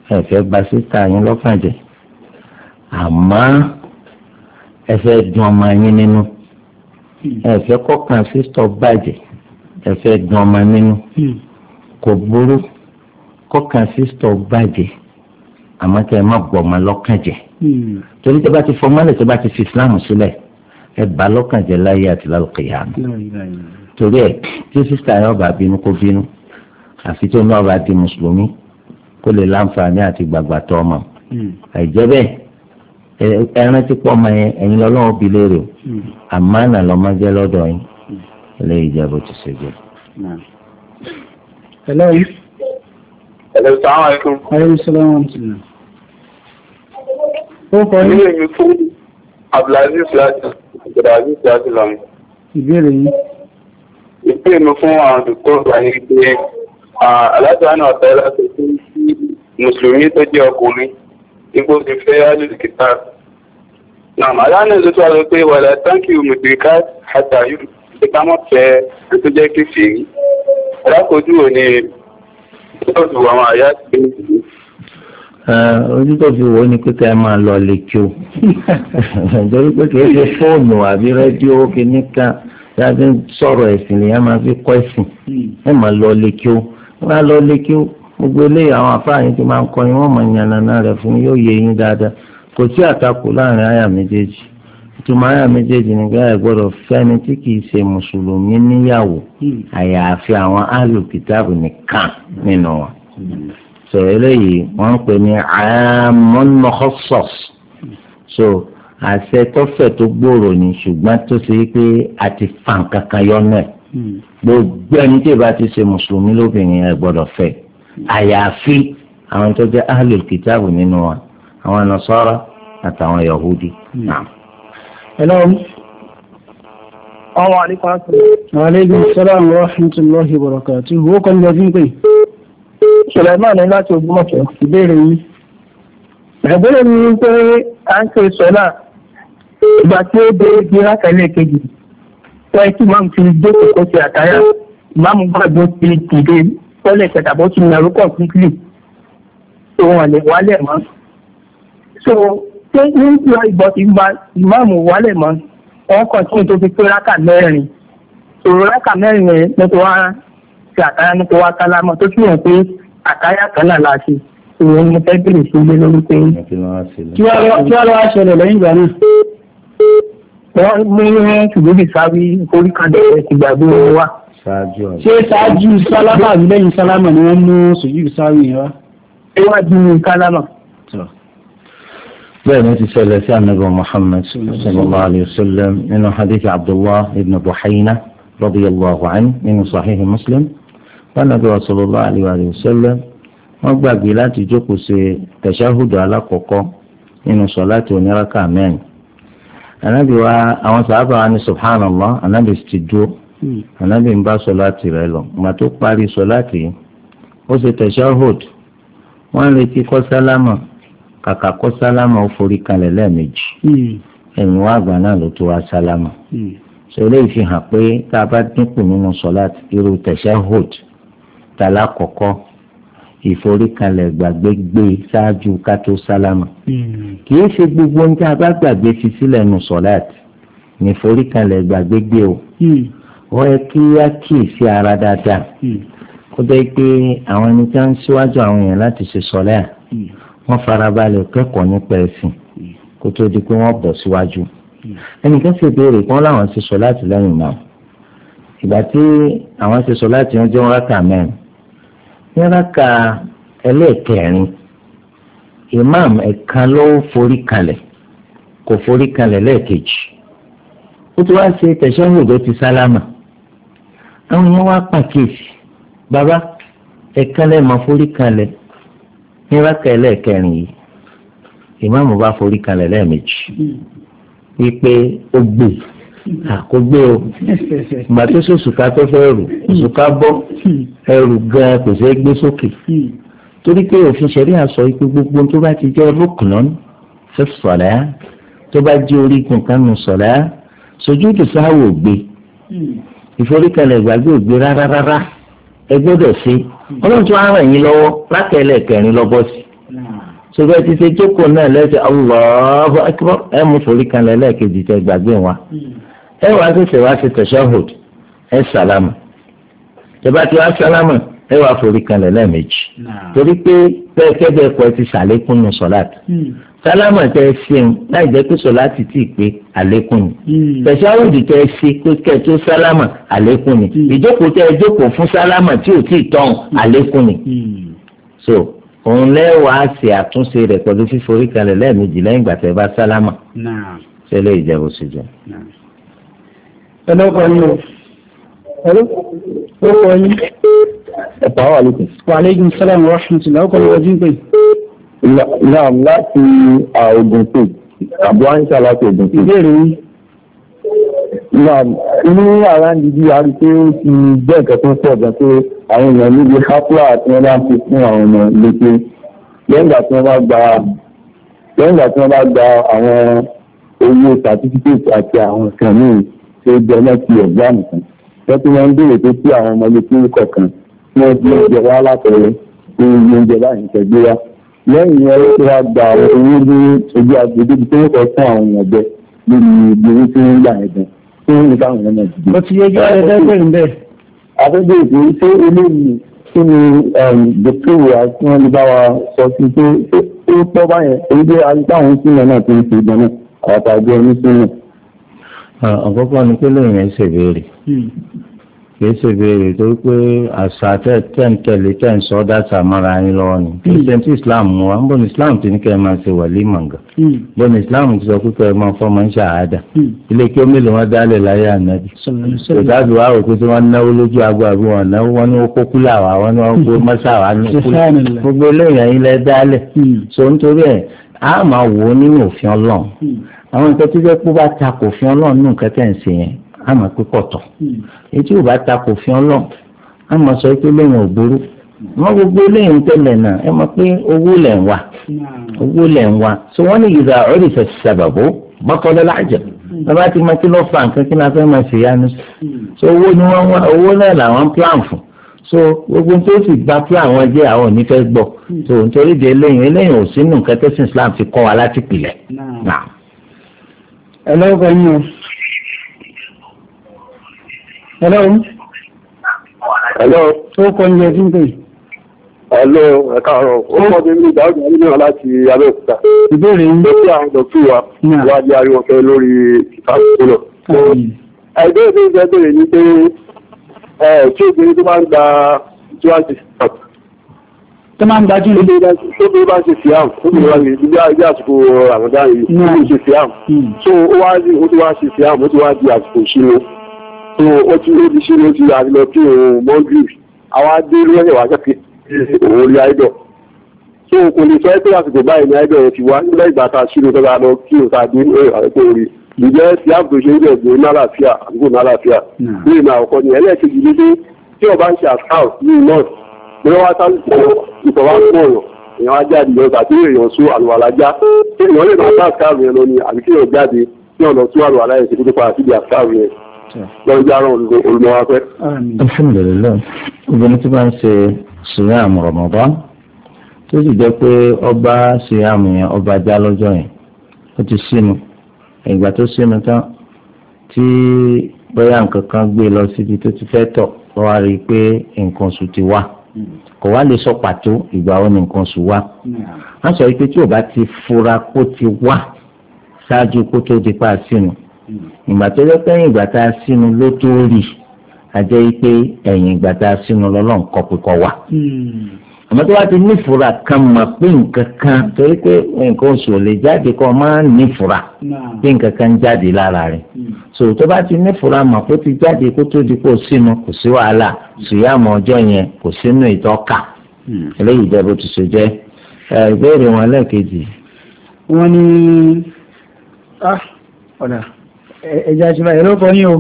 ẹ fẹ́ gba sísá yín lọ́kàn jẹ́ àmọ́ ẹ fẹ́ dùn ọmọ yín nínú ẹ fẹ́ kọ́kàn sísọ bàjẹ́ ẹ fẹ́ dùn ọmọ nínú kò burú kọ́kàn sísọ bàjẹ́ àmọ́ kẹ́ ẹ má gbọ́ ọmọ lọ́kàn jẹ́ torí tẹ́ bá ti fọmọ́lẹ̀ tẹ́ bá ti fi Islam sílẹ̀ ẹ bá lọ́kàn jẹ́ láyé àti lálùkìyàmù torí ẹ tí sísá yẹn ọba bínú kó bínú àfi tó ní ọba di mùsùlùmí kó lè láǹfààní àti gbàgbà tọ́ ọmọ hmm. àìjẹ́ bẹ́ẹ̀ ẹran ti pọ̀ ọmọ yẹn ẹ̀yin lọ́lọ́wọ́ bi léèrè o hmm. àmánà lọ́mọ jẹ́ lọ́dọ̀ yín lè jẹ́ ti ṣe jẹ́. Hmm. hello. hello salaam aleykum. aleykum salaam wa rahmatulah. ó kọ́ ní. ilé mi fún abdulaziz láti abdulaziz láti lọ́mọ. ìbéèrè yín. ìbéèrè mi fún àwọn olùkọ́ ìgbà yẹn aláṣà náà tẹ́lá tó fún mùsùlùmí tó jẹ́ ọkùnrin ipò ti fẹ́ alìkìtà náà aláàánú ló tó wà pé wàlá táǹkì mùsùlùmíkà àtàyù ìpamọ́ fẹ́ tó jẹ́ kéfìrí alákòójú ò ní ìtọ́jú àwọn àyà ti ní ojú tó fi wò ó ni pé ká máa lọ lè kí o nítorí pé kì í ṣe fóònù àbí rédíò kìíní kan láti sọ̀rọ̀ ẹ̀sìn lèyàn máa fi kọ́ ẹ̀sìn ẹ̀ máa lọ lè kí o máa lọ lè kí o gbogbo eléyìí àwọn afáàyàn ti máa ń kọ́ yín wọ́n mọ̀ ìyànnànà rẹ̀ fún yóò yé yín dáadáa kò sí àtakò láàrin àyà méjèèjì ìtumọ̀ àyà méjèèjì ni pé ẹ gbọ́dọ̀ fẹ́ni tí kìí ṣe mùsùlùmí níyàwó àyàfi àwọn àlù kìtàbù nìkan nínú wọn. sọ eléyìí wọ́n ń pè ní àmọ́nàkọ́sọ̀s so àṣẹ tọ́fẹ̀ tó gbòòrò ni ṣùgbọ́n tó ṣe pé a ti fa nǹkan kan yọ náà hmm. gbogbo ẹni tí ìbá ti ṣe mùsùlùmí lóbìnrin ẹ gbọ́dọ̀ fẹ́ àyàfi àwọn tó jẹ́ ahlul kìtàbù nínú wa àwọn nasara àtàwọn yahudi. Hmm. hello. ọmọ àlekún àtúntò. aleykum salaam wa rahmatulahi wa barakatuh. wo kọ́ni lọ sí pé. Suleiman ní láti Ògbómọ̀ṣọ́ ìbéèrè yìí. ìbéèrè mi ni pé à ń ṣe sọ́nà ìgbà tí ó dé ibi rákàlẹ̀ kejì. wọ́n ti máa ń fi dé kòkó ti àtàyà máa ń gbàgbọ́ sí ìdílé tọ́lẹ̀ kẹta bọ́ ti nàró completely so wọn lè wálẹ̀ mọ́ so ṣé ní ìlú ìbọn ti gba ìmáàmù wálẹ̀ mọ́ wọn kàn sí ètò fífi rákà mẹ́rin so rákà mẹ́rin yẹn ló ti wá ti àtàyà ní kó wá sálámọ́ tó túmọ̀ pé àtàyà kan náà la ṣe ìwọ̀n mo fẹ́ bèrè sí ilé lórí pé kí wọ́n lọ́wọ́ ṣẹlẹ̀ lẹ́yìn ìgbà náà wọ́n mú ṣùgbọ́n bí sáré orí kan dẹ̀ ẹ̀ ti gbàgbé wọn wá ṣé ṣáájú sálámà àbí lẹ́yìn sálámà ni wọ́n mú sùjúdù sáwì yẹn wá. iwájú ni kálámà. bẹ́ẹ̀ ni ti ṣẹlẹ̀ sí anabi muhammad sallallahu alayhi wa sallam nínú hadith abdullah ibn buhayna radiyallahu anhu nínú sahih muslim wọn nàbẹ wa sallallahu alayhi wa sallam wọ́n gbàgbé láti jókòó ṣe tẹ̀síáhùdù alákọ̀ọ́kọ́ nínú sọ̀láàtì oníraka mẹ́rin. ànábì wa àwọn sàábà wa ní subhanallah ànábì ti dúró ànábì ń bá sọláàtì rẹ̀ lọ ìgbà tó parí sọláàtì yìí ó ṣe tẹ̀síọ́hòd wọ́n ń retí kọ́ sálámà kàkà kọ́ sálámà ó forí kalẹ̀ lẹ́ẹ̀mejì ẹ̀yìn wá àgbà náà ló tó wá sálámà sọlá yìí fi hàn pé tá a bá dínkù nínú sọláàtì irú tẹ̀síọ́hòd tàlá kọ̀kọ́ ìforíkalẹ̀ gbàgbé ṣáájú ká sálámà. kì í ṣe gbogbo ní tí a bá gbàgbé fi sílẹ̀ nù sọ̀láàtì ní ìforíkalẹ̀ gbàgbé o wọ́n yẹ kí á kíyèsí ara dáadáa hmm. kó jẹ́ pé àwọn ẹni tí wọ́n ń síwájú àwọn èèyàn láti ṣe sọ́lẹ̀ à hmm. wọ́n farabalẹ̀ kẹ́kọ̀ọ́ nípa ẹ̀sìn hmm. kó tó di pé wọ́n bọ̀ síwájú ẹnìkan sì béèrè pé wọ́n láwọn ṣe sọ láti lẹ́yìn náà ìgbà tí àwọn ṣe sọ láti wọ́n jẹ́ wọn rákà mẹ́rin ní rákà ẹlẹ́ẹ̀kẹrin imam ẹ̀kan ló forí kalẹ̀ kò forí kalẹ̀ lẹ́ẹ̀kejì ó ti wá ṣe tẹ̀sán òjò ti sálámà àwọn yẹn wá pàkíyèsí bàbá ẹ̀kan lẹ́ẹ̀ máa forí kanlẹ̀ ní rákà ẹlẹ́ẹ̀kẹrin yìí ìmáàmù bá forí kanlẹ̀ lẹ́ẹ̀mejì wípé ó gbé kò gbé o ìgbà tó sọ sùkà tó fẹ́ rù sùkà bọ́ ẹrù gan kò sí gbé sókè torí pé òfin ṣẹ̀rí àsọ ipò gbogbo tó bá ti jẹ́ rúkùnán fẹ́ sọ̀lá tó bá jẹ́ orígun kánú sọ̀lá sojúdù sáwò gbé ìforíkalẹ̀ ìgbàgbé ògbé rárá rárá ẹ gbọ́dọ̀ ṣe ọlọ́run tún á ràn yín lọ́wọ́ láti ẹlẹ́ẹ̀kẹrin lọ́bọ̀ sí ṣùgbọ́n ti ṣe jókòó náà lẹ́sẹ̀ Allahu Akbar ẹ mú ìforíkalẹ̀ ẹlẹ́ẹ̀kejì tẹ gbàgbé wa ẹ wàá ṣẹ̀ṣẹ̀ wá ṣe tashahhud ẹ sàlámù tẹ̀bá tí wàá sàlámù ẹ wàá foríkalẹ̀ lẹ́ẹ̀mejì torí pé bẹ́ẹ̀ bẹ́ẹ̀ kọ́ ẹ ti ṣàlékún sálámà tẹ ẹ ṣeun láì jẹ́ pé sọlá ti tì pé àlékún ni hmm. tẹ̀síwájú tẹ ẹ ṣe pé kẹ́ sálámà àlékún ni hmm. ìjókòó tẹ ẹ jókòó fún sálámà tí ò tí ì tọ̀hún hmm. àlékún ni. so òun lẹ́wàá ṣe àtúnṣe rẹ̀ pẹ̀lú fíforí kalẹ̀ lẹ́ẹ̀mejì lẹ́yìn ìgbà tẹ̀ bá sálámà ṣẹlẹ̀ ìjẹ́bù sí jẹ. ẹlọ́kọ̀ yín o ẹlọ́kọ̀ yín. ẹ̀pà wà lókè. wàhálà ìgbìmọ̀ sálàmù rọ́ṣùn náà láti Ògùn State àbúrò àyíṣà láti Ògùn State. ìbéèrè yìí. náà ní àràǹdí bí a rí pé ó ti jẹ́ nǹkan tó ń pọ̀ gan pé àwọn èèyàn níbi hápúlà tí wọ́n bá ń fi fún àwọn ọmọ létí lẹ́yìn ìgbà tí wọ́n bá gba lẹ́yìn ìgbà tí wọ́n bá gba àwọn owó certificate àti àwọn nǹkan míì tó jẹ náà ti ẹ̀gbá nìkan lọ́tí wọ́n ń béèrè pé sí àwọn ọmọ létí kọ̀ọ̀kan tí wọ́n ti ń jẹ wá látọ̀rẹ́ tí oúnjẹ báyìí tẹ̀gbé wá lẹ́yìn ẹ̀rọ tó wá gba àwọn owó ní ojú agbègbè tó ń kọ́ fún àwọn èèyàn bẹ lórí ìgbèrú tí ń gbà yẹn gan tó ń ta àwọn èèyàn jù. mo ti yẹjọ́ ẹ̀ẹ́dẹ́gbẹ̀rún bẹ́ẹ̀. àtẹ́gbẹ́ ìpè ṣé eléyìí kí ni um, dókítà àti wọn bá wa sọ sí pé ó tọ́ báyẹn èyí pé àyíkáwọn sí yẹn náà ti ń ṣe ìgbọ́n náà àwọn àtàjọ oníṣẹ́ náà. àkọ́kọ́ ni pé lóyún ẹ̀ kìí ṣe béèrè tó pé àṣà tẹ̀ǹtẹ̀lé tẹ̀ǹsọ́ dàtà mọ́ra yín lọ́wọ́ ni kí ṣe ti islam mu wa bọ́ni islam ti ní kẹ́ ẹ máa ṣe wàlí màǹgà hmm. bọ́ni islam ti sọ pé ẹ máa fọ́mọ ń ṣàhádà hmm. ilé kí ó mélòó wọn dálẹ̀ láyé ànábì ìdájú wa òkú tí wọ́n náwó lójú agbo àbí wọn náwó wọn ní kó kúlà wá wọn ní wọn kó hmm. mọ́ṣà wá ní kúlà gbogbo eléyìí ẹ̀yin lẹ dálẹ̀ so nítorí ẹ̀ a máa wò ó nínú òfin ọlọ́run àwọn nǹkan tó jẹ́ bá ta kò fi ọlọ́run nù kẹ́kẹ́ ń ṣe yẹn àmọ́ pé pọ̀tọ̀ etí hmm. ò bá takò fi ọlọ́ àmọ́ sọ pé lẹ́yìn ò burú wọ́n gbogbo lẹ́yìn tẹ́lẹ̀ náà ẹ mọ̀ pé owó lẹ̀ ń wá hmm. owó lẹ̀ ń wá so wọ́n ní ìdá ọ̀rẹ́ ìfẹ́ sábàbò bọ́kọ́lẹ́ láàjẹ̀ hmm. bàbá ti máa kí lọ́ọ́ fa nǹkan kí la fẹ́ máa ṣe yánu so owó ni wọ́n wá owó náà làwọn plan fún so gbogbo tó sì gba pé àwọn jẹ́ àwọn onífẹ́ gbọ́ so nítorí de eléyìn eléyìn ò sínú nǹkan tẹ́sí Islam fi kọ́ wa láti pìlẹ̀. ẹ lọ́kọ̀ yín o. Hello. Hello. Tó kọ́ ní ẹjú pé. Hello, ẹ̀ka ọ̀rọ̀. Ó kọ́ mi ní ìdáhùn ìyá nínú láti Abẹ́òkúta. Ìbéèrè yín. Ó sí àwọn dọ̀tí wa wájú ariwo fẹ́ lórí ìfàkùnkùn náà. Àìbéèrè tó ń jẹ́ béèrè ni pé tí obìnrin tó máa ń gba tí wá ti sàn. Tó máa ń gbajú ní. Tó bí bá ṣe fìyàm, ó bí wá ní ilé àsìkò Ramadan yìí, ó ṣe fìyàm. So ó wá ní ó ti wá ṣe fìyàm, ó ti wá di àsìkò ìṣúná so ó ti ó ti ṣe ló ti àlọ kí òun mọ́gìrì àwa dé lọ́yẹ̀ wá sẹ́kẹ̀ òun rí idol tó kò lè sọ pé àsìkò báyìí ní idol ti wá nígbà ìgbà tá a ṣírò tó bá lọ kí òun tàbí àrẹ́pọ̀ orí ìjẹ́ ti àbùkù ṣe ń bẹ̀ gbé nálàáfíà àdúgbò nálàáfíà hmm. ní ìmọ̀ àkọ́kọ́ ni ẹlẹ́ẹ̀kejì ní pé tí ọba ń ṣe àkáù ní north ní wọ́n wá sálùkọ́ ìfọ̀wá pọ̀rọ̀ èèyàn ajáde yọ lọ́jọ́ olùmọ̀wá pẹ́. alhamdulilayi obìnrin tí wọ́n ń ṣe siyam Ramadan tó sì jẹ́ pé ọba siyam yẹn ọba já lọ́jọ́ yẹn ó ti sínú ìgbà tó sínú tán tí bóyá nǹkan kan gbé lọ síbi tó ti fẹ́ tọ̀ wọ́n wá rí i pé nǹkan oṣù ti lè sọ pàtó ìgbà wo ni nǹkan wá wọ́n sọ pé tí ò bá ti fura kó ti wá ṣáájú kó tó di pa sínú ìgbà tó yẹ pẹ́yìn ìgbà tá a sínú ló tó rí àjẹ́ pé ẹ̀yìn ìgbà tá a sínú lọ́lọ́ nǹkan pípọ̀ wà. àmọ́ tó wá ti nífura kan mọ̀ pé nǹkan kan torí pé nǹkan oṣù ò lè jáde kọ́ máa ń nífura pé nǹkan kan jáde lára rẹ̀. Hmm. sò tó bá ti nífura mọ̀ pé ti jáde kó tó di kó sínú kò sí wàhálà sùyàmọ̀ ọjọ́ yẹn kò sínú ìtọ́ka. Hmm. eléyìí jẹ́ bó ti ṣe jẹ́ ìbéèrè wọn lẹ́ẹ̀kejì. wọ́n ní ah, ọ̀dà ẹja ṣe báyìí lọ́kọ́ ní o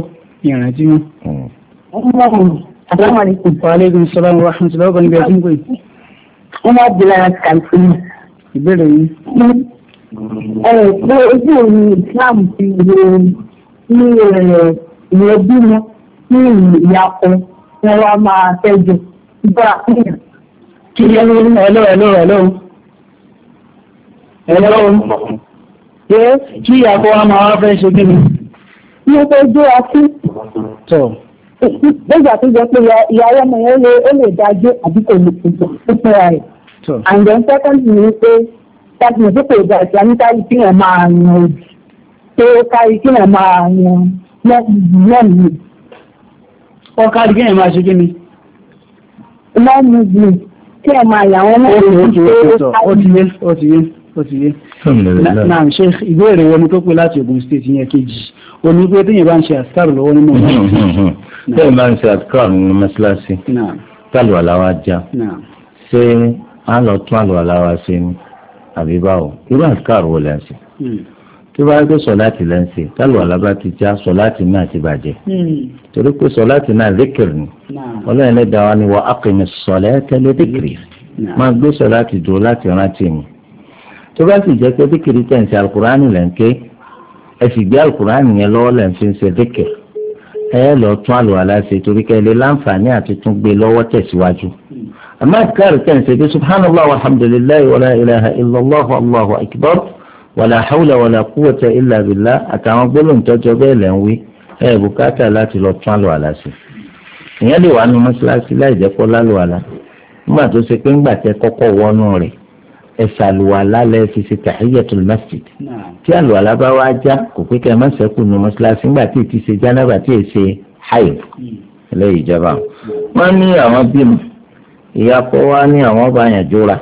ìrántí mọ́. Aleykum salaam wa rahmatullahi wa barakatuh. Wọ́n máa bèèrè ara kàǹtì. Ìbéèrè yìí. Ẹ̀rọ pé ojú òní Islam ti lo ní ìrẹ̀ bímọ ní ìyàpọ̀ wọn wá máa tẹ́jọ bá àpéyàn. Kí ni ẹ̀rọ ẹ̀lọ́ ẹ̀lọ́ ẹ̀lọ́ ẹ̀lọ́ kí ìyàpọ̀ wa máa wá fẹ́ ṣe kí ni? ní ó gbé ọtí. Lẹ́gbà tó jẹ́ pé ìyàwó ọmọ yẹn lè ó lè dájú àbí kò lè tuntun fún fúnra rẹ̀. And then secondly ni pé láti mọ̀ pé kò gbà ìgbà ní kí èèyàn máa yan òbí. Pé ó káyì kí èèyàn máa yan lẹ́nu. Ó káyì kí èèyàn máa ṣe kí ni? Lẹ́nu gbìn kí èèyàn máa yà wọ́n náà. Ó ti yé ó ti yé ó ti yé. Náà ṣe ìbéèrè wọn ni tó pé láti Ògùn State yẹn kejì omi pé tíyìn bá ń ṣe àṣkàrù lọ́wọ́ nínú mọ́ṣáláṣí. tíyìn bá ń ṣe àṣkàrù nínú mọ́ṣáláṣí tálù aláwa já ṣé á lọ tún àlù aláwa ṣe ni àbí báwo irú àṣkàrù wo lẹ́ ń ṣe hmm. tó bá rí pé sọláàtì lẹ́ ń ṣe tálù aláwa ti já sọláàtì náà ti bàjẹ́ hmm. torí pé sọláàtì náà zikiri ni ọlọ́run lè dá wa ni wọ́n aqimi sọ̀lẹ́tẹ̀ lé zikiri máa gbé sọláàtì dúró láti rántí mi tó bá sì jẹ́ pé zikiri tẹ̀ ń ṣe alukur'ani lẹ́ ń ké ẹ sì gbé alukur'an yẹn lọ́wọ́ lẹ́yìn fi ń ṣe dékẹ̀ ẹ lọ tún àlùwàlá ṣe torí kẹ́ lè láǹfààní àti tún gbé lọ́wọ́ tẹ̀síwájú. àmọ́ àkàrà tẹ̀ ń ṣe bí subhanallah alhamdulilayi wàlá ilaha illallah allahu akbar wàlá hawla wàlá kúwàtà illa billah àtàwọn gbólóhùn tọ́jọ́ bẹ́ẹ̀ lẹ́ ń wí ẹ bùkátà láti lọ tún àlùwàlá ṣe. ìyẹn lè wà nù mọ́ṣáláṣí láì jẹ́ kó lálùwàlá nígbà tó ṣe pé ńgbà tẹ kọ́kọ́ wọnú rẹ̀ ẹ ṣàlùwàlá lẹ fi ṣe tahiyatul masjid tí àlùwàlá bá wá já kò pé kẹ má ṣẹ́kù nù mọ́ṣáláṣí nígbà tí ètí ṣe jánábà tí èṣe haid lẹ́yìn ìjọba wọn ní àwọn bímọ ìyàpọ̀ wa ní àwọn bá yàn jóra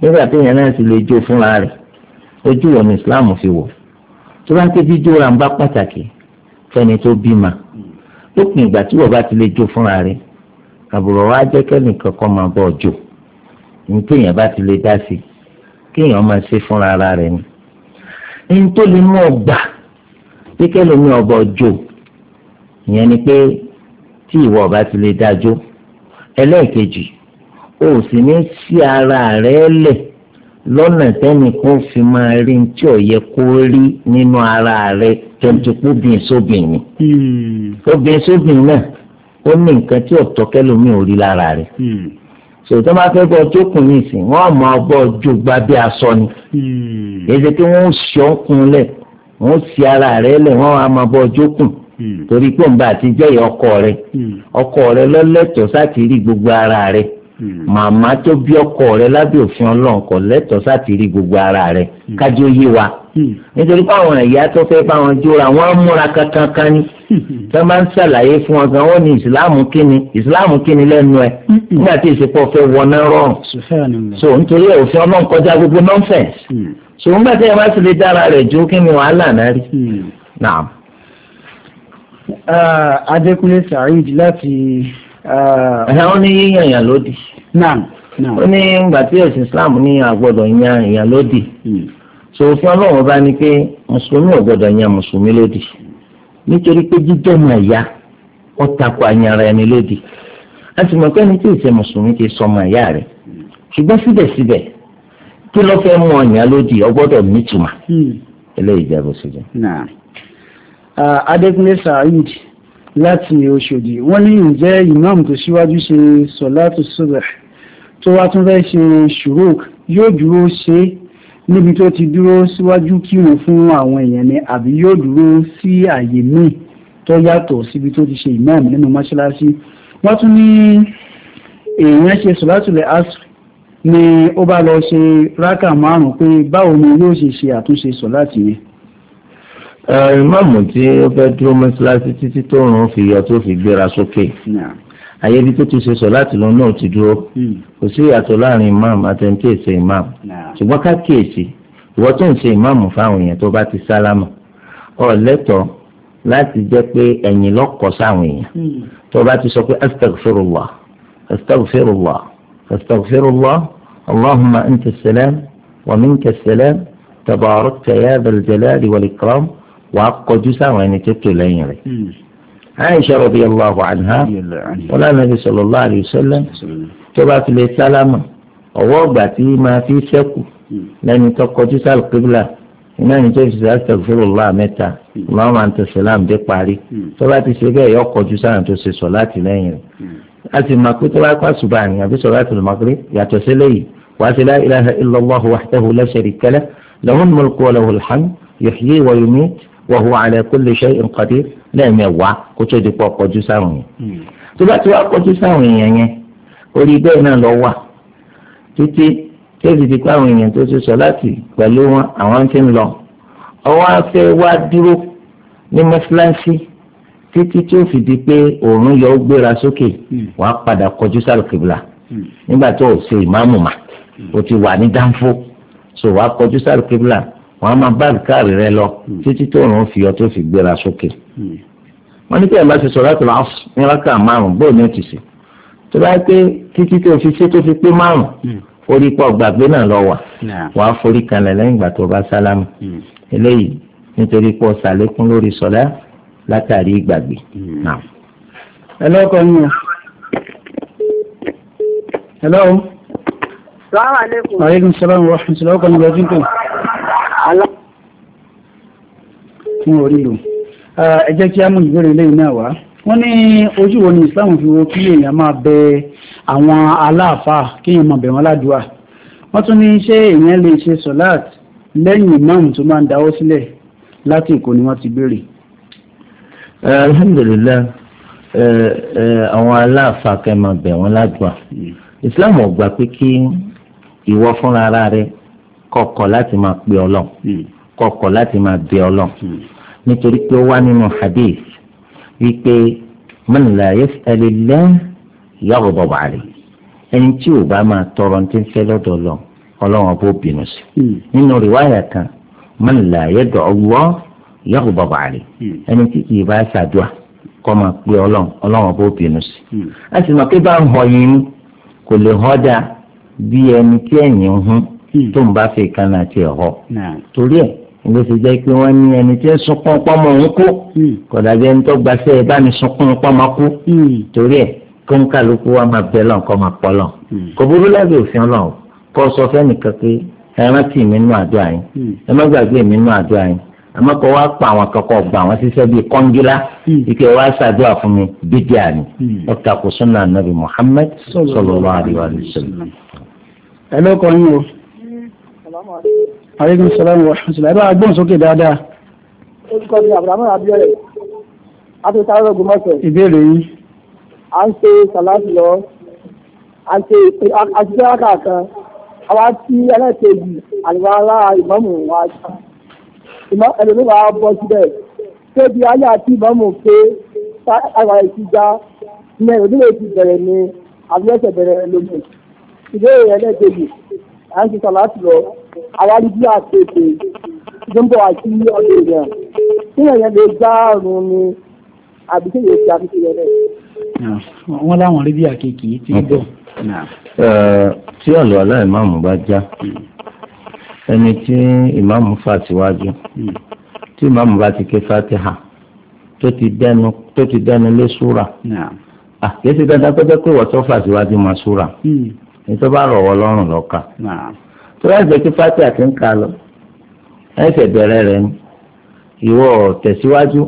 nígbà tí èèyàn náà sì lè jó fúnra rẹ̀ ojú wọn ní islam fi wọ̀ tó bá ń ké jíjó ń bá pàtàkì fẹ́ni tó bímọ lópin ìgbà tí wọ́n bá ti lè jó fúnra rẹ̀ àbùrọ̀ wa jẹ́ kẹ́nìkan kọ́ máa bọ̀ jó ní téèyàn bá ti lè dá sí i kéèyàn máa ṣe fúnra ara rẹ̀ ni ní tó lè mú ọgbà pé kẹlòmí ọba ọjọ́ ìyẹn ni pé tí ìwọ ọba ti lè dájọ́ ẹlẹ́ẹ̀kejì o sì ní sí ara rẹ̀ lẹ̀ lọ́nà tẹ́nìkan fi máa rí ní tí ò yẹ kó rí nínú ara rẹ̀ tẹ̀tùkú bíi sóbìnrin hmm. obìnrin sóbìnrin náà ó ní nǹkan tí ọ̀tọ̀ ò rí lára rẹ̀. Hmm sòtọ́ máa fẹ́ bọ́ jókòó ní ìsìn wọ́n mọ ọgbọ́ jogba bí aṣọ ni èdè hmm. tí wọ́n sọ ń kun lẹ̀ wọ́n sì ara rẹ̀ lẹ̀ wọ́n á mọ ọgbọ́ jókòó hmm. torí pé nbà àti jẹ́yìn ọkọ rẹ̀ hmm. ọkọ rẹ̀ lọ́lẹ́tọ̀ọ́ sáti rí gbogbo ara rẹ̀ màmá tó bí ọkọ rẹ̀ lábẹ́ òfin ọlọ́run kò lẹ́tọ̀ọ́ sáti rí gbogbo ara rẹ̀ kájọ yé wa nítorí pé àwọn ìyá tó fẹ́ bá wọn jóra wọ́n múra kankan ni tó máa ń ṣàlàyé fún wọn gan wọn ní ìsìláàmù kíni ìsìláàmù kíni lẹ́nu ẹ̀ nígbà tí ìsìnkú ọ̀fẹ́ wọná rọrùn so nítorí òfin ọlọ́run kọjá gbogbo nọ́ńfẹ̀sì hmm. so nígbà tí ẹ bá ti lè dára rẹ̀ jó kí ni wàhálà náà rí hmm. naam. Uh, Adékúnlé Saheed láti. Uh, ẹ̀hán ní yíyan ìyàn lódì. ó ní ìgbà tí ẹ̀sìn islam ní àgbọ̀dọ̀ yan ìyàn lòdì. Hmm. so òfin ọlọ́run bá ní pé mùsùlùmí ò gbọ́dọ̀ yan mùsùlùmí lòdì nítorí pé jíjẹ́ ọmọ ẹ̀yà ó takò àyànra ẹni lódì láti mọ̀ pé ẹni tí ìṣe mùsùlùmí ti sọ ọmọ ẹ̀yà rẹ̀ ṣùgbọ́n síbẹ̀síbẹ̀ kí ló fẹ́ mú ọyàn lódì ó gbọ́dọ̀ nítumà hmm. eléyìí jẹ́ bó ṣe jẹ́. Adékúnlé Saheed láti Òṣòdì wọ́n ní ǹjẹ́ imam tó síwájú ṣe sọ̀látù subh tó wá tún fẹ́ ṣe ṣùrùk yóò dúró ṣe é níbi tó ti dúró síwájú kírun fún àwọn èèyàn ni àbí yóò dúró sí àyè míì tó yàtọ̀ síbi tó ti ṣe imam nínú mọ́ṣáláṣí wọ́n tún ní èèyàn ṣe sọ̀látùlẹ̀ asr ni ó bá lọ ṣe rákà márùn pé báwo ni yóò ṣe ṣe àtúnṣe sọ̀láàtì yẹn. ìmáàmù tí ó fẹ́ dúró mọ́ṣáláṣí títí tó rùn fi yọ tó fi gbéra sókè ayé bí tó ti ṣe sọ láti lọ náà ti dúró hmm. kò sí ìyàtọ̀ láàrin imam àtẹ̀ǹtì èsè imam ṣùgbọ́n ká kíyèsí ìwọ tó ń ṣe imam fáwọn èèyàn tó bá ti sálámà ọ lẹ́tọ̀ọ́ láti jẹ́ pé ẹ̀yìn lọ́kọ̀ sáwọn èèyàn hmm. tó bá ti sọ pé astagfirullah astagfirullah astagfirullah allahumma anta salam wa minka salam tabarakta ya dhal jalali wal ikram wàá kọjú sáwọn ẹni tó tò lẹ́yìn rẹ̀. Hmm. Aisha radiyallahu anha wọn lánàá bí sallallahu alayhi wa sallam tó bá fi lè sálámà ọwọ́ ọgbà tí máa fi sẹ́kù lẹ́ni tó kọjú sáà kíbla iná ní tó fi sàásì tẹ̀síwòlá mẹ́ta ìmáà máa ń tẹ̀sí láàmú dé parí tó bá ti ṣe bẹ́ẹ̀ yọ kọjú sáà tó ṣe sọ láti lẹ́yìn rẹ̀ a ti máa pé tó bá pa ṣùgbọ́n àníyàn àbí sọ láti lọ́mọ pé yàtọ̀ sí lẹ́yìn wàá ṣe la ilaha illallahu wahdahu la sharika lahu lahul mulku wa lahul hamd yuhyi wa wa huwa ala kulli shay'in qadir lẹ́ẹ̀mẹ̀wá kó tó di pọ̀ kọjú sáwọn yẹn hmm. tó bá ti wá kọjú sáwọn èèyàn yẹn orí bẹ́ẹ̀ náà lọ wà títí tẹ́sí ti pé àwọn èèyàn tó ti sọ láti pẹ̀lú wọn àwọn ti ń lọ ọwọ́ afẹ́ wá dúró ní mọ́ṣáláṣí títí tí ó fi di pé òòrùn yọ ó gbéra sókè hmm. wàá padà kọjú sálùkìbìlà hmm. nígbà tó ṣe ìmáàmù mà o ti wà ní dánfó so wàá kọjú sálùkìbìlà wọ́n á máa bá àdìkárì rẹ lọ hmm. títí tó rùn fi ọ tó fi gbéra sókè. Hmm. wọ́n ní pé ẹ̀ma ti sọ̀rọ̀ àtàlà ní rákà márùn bóun ní ó ti sè tó bá pé títí tó fi ṣe tó fi pé márùn hmm. orí pọ̀ gbàgbé náà lọ wà wàá forí kalẹ̀ lẹ́yìn ìgbà tó bá sálámù eléyìí nítorí pọ̀ sàlékún lórí sọ̀lá látàrí ìgbàgbé. ẹlọ́kọ̀ ni ẹlọ́run. sàlámù aleykum. aleykum salaam wa rahmatulah ọkọ̀ ni lọ́dún tó alá tí wọ́n rí lò ẹ jẹ́ kí á mú ìbéèrè lẹ́yìn náà wá wọ́n ní ojú wo ni Islam fi wo kí èèyàn máa bẹ àwọn aláàfáà kí èèyàn máa bẹ wọn ládùúà wọ́n tún ní ṣé èèyàn lè ṣe sọ̀láàt lẹ́yìn imam tó máa ń dáwọ́ sílẹ̀ láti Èkó ni wọ́n ti béèrè. alhamdulilayi àwọn aláàfáà kẹ́ máa bẹ wọn ládùúà hmm. Islam ò gbà pé kí ìwọ fúnra rẹ kọ̀kọ̀ láti máa pe ọlọ́ hmm. kọ̀kọ̀ láti máa bẹ ọlọ́ hmm. nítorí pé ó wá nínú hadith wípé man la yas'alillah yaghdab alayhi ẹni tí ò bá máa tọrọ ní fẹ́ lọ́dọ̀ lọ ọlọ́run bó bínú sí hmm. nínú rìwáyà kan man la yad'u Allah yaghdab alayhi ẹni tí kì í bá ṣàdúà kọ́ máa pe ọlọ́run ọlọ́run bó bínú sí a sì mọ̀ pé bá ń họ yín kò lè họ́ dáa bí ẹni tí ẹ̀yìn ń hún. Hmm. tó ń bá fi kánà ti ẹ̀họ́ torí ẹ̀ ló ṣe jẹ́ pé wọ́n ní ẹni tí ń sunkún pọ́mọ òun kú hmm. kódà bí ẹni tó gbaṣẹ́ ẹ bá ní sunkún pọ́mọ kú hmm. torí ẹ̀ kó ń kálukú wa máa bẹ̀ lọ́n kọ́ máa pọ́ lọ́n kò burú lábẹ́ òfin ọlọ́run kó sọ fẹ́nìkan pé ẹ rántí mi nínú àdúrà yín ẹ má gbàgbé mi nínú àdúrà yín àmọ́ kò wá pa àwọn kankan gbà wọ́n ṣiṣẹ́ bíi kọ́ngílá ike wá ṣàdúrà fún mi bídí àná ọ̀tàkùn sunnah nabi Muhammad sallallahu alaihi wa sallam. ẹ lọ́kọ̀ yín o aleykum salaam wa rahmatulah ẹ̀rọ agbóhùn sókè dáadáa. orúkọ mi abrahamu abiyọlẹ láti sáré ogun mọ́sẹ̀. ìbéèrè yìí. à ń ṣe sàlátì lọ a ń ṣe àṣìṣe rákà kan àwa tí ẹlẹ́ẹ̀kejì àlùbárà ìmọ̀mù wa ìmọ̀ ẹlòmíràn wa bọ́ síbẹ̀ ṣé bí ayé àti ìmọ̀mù pé àgbà ìtìjà ní ẹlòmíràn ti bẹ̀rẹ̀ ní àbúrẹ́sẹ̀ bẹ̀rẹ̀ lómi ìbéèrè ẹlẹ́ẹ̀kejì à ń ṣe sàlátì lọ àwárí bí àpèpè tó ń bọ̀ àti ọ̀dọ̀ èèyàn tí èèyàn lè gbá àrùn ni àbí tí èèyàn ti àfihàn rẹ̀. wọ́n láwọn rí bí àkekì tí ń bọ̀. Eh, tí ọ̀lọ́ aláìmáàmù bá já hmm. ẹni tí ìmáàmù fà síwájú hmm. tí ìmáàmù bá ti ké fatiha tó ti dẹnu tó ti dẹnu lé súra àkẹ́sí ah, dandan pé pé wọ́n tó fà síwájú máa súra hmm. ní tó bá rọ̀ wọ́ lọ́rùn lọ́ka tó bá gbé kí fati àti ń kà lọ ẹsẹ̀ bẹ̀rẹ̀ rẹ̀ ni ìwọ tẹ̀síwájú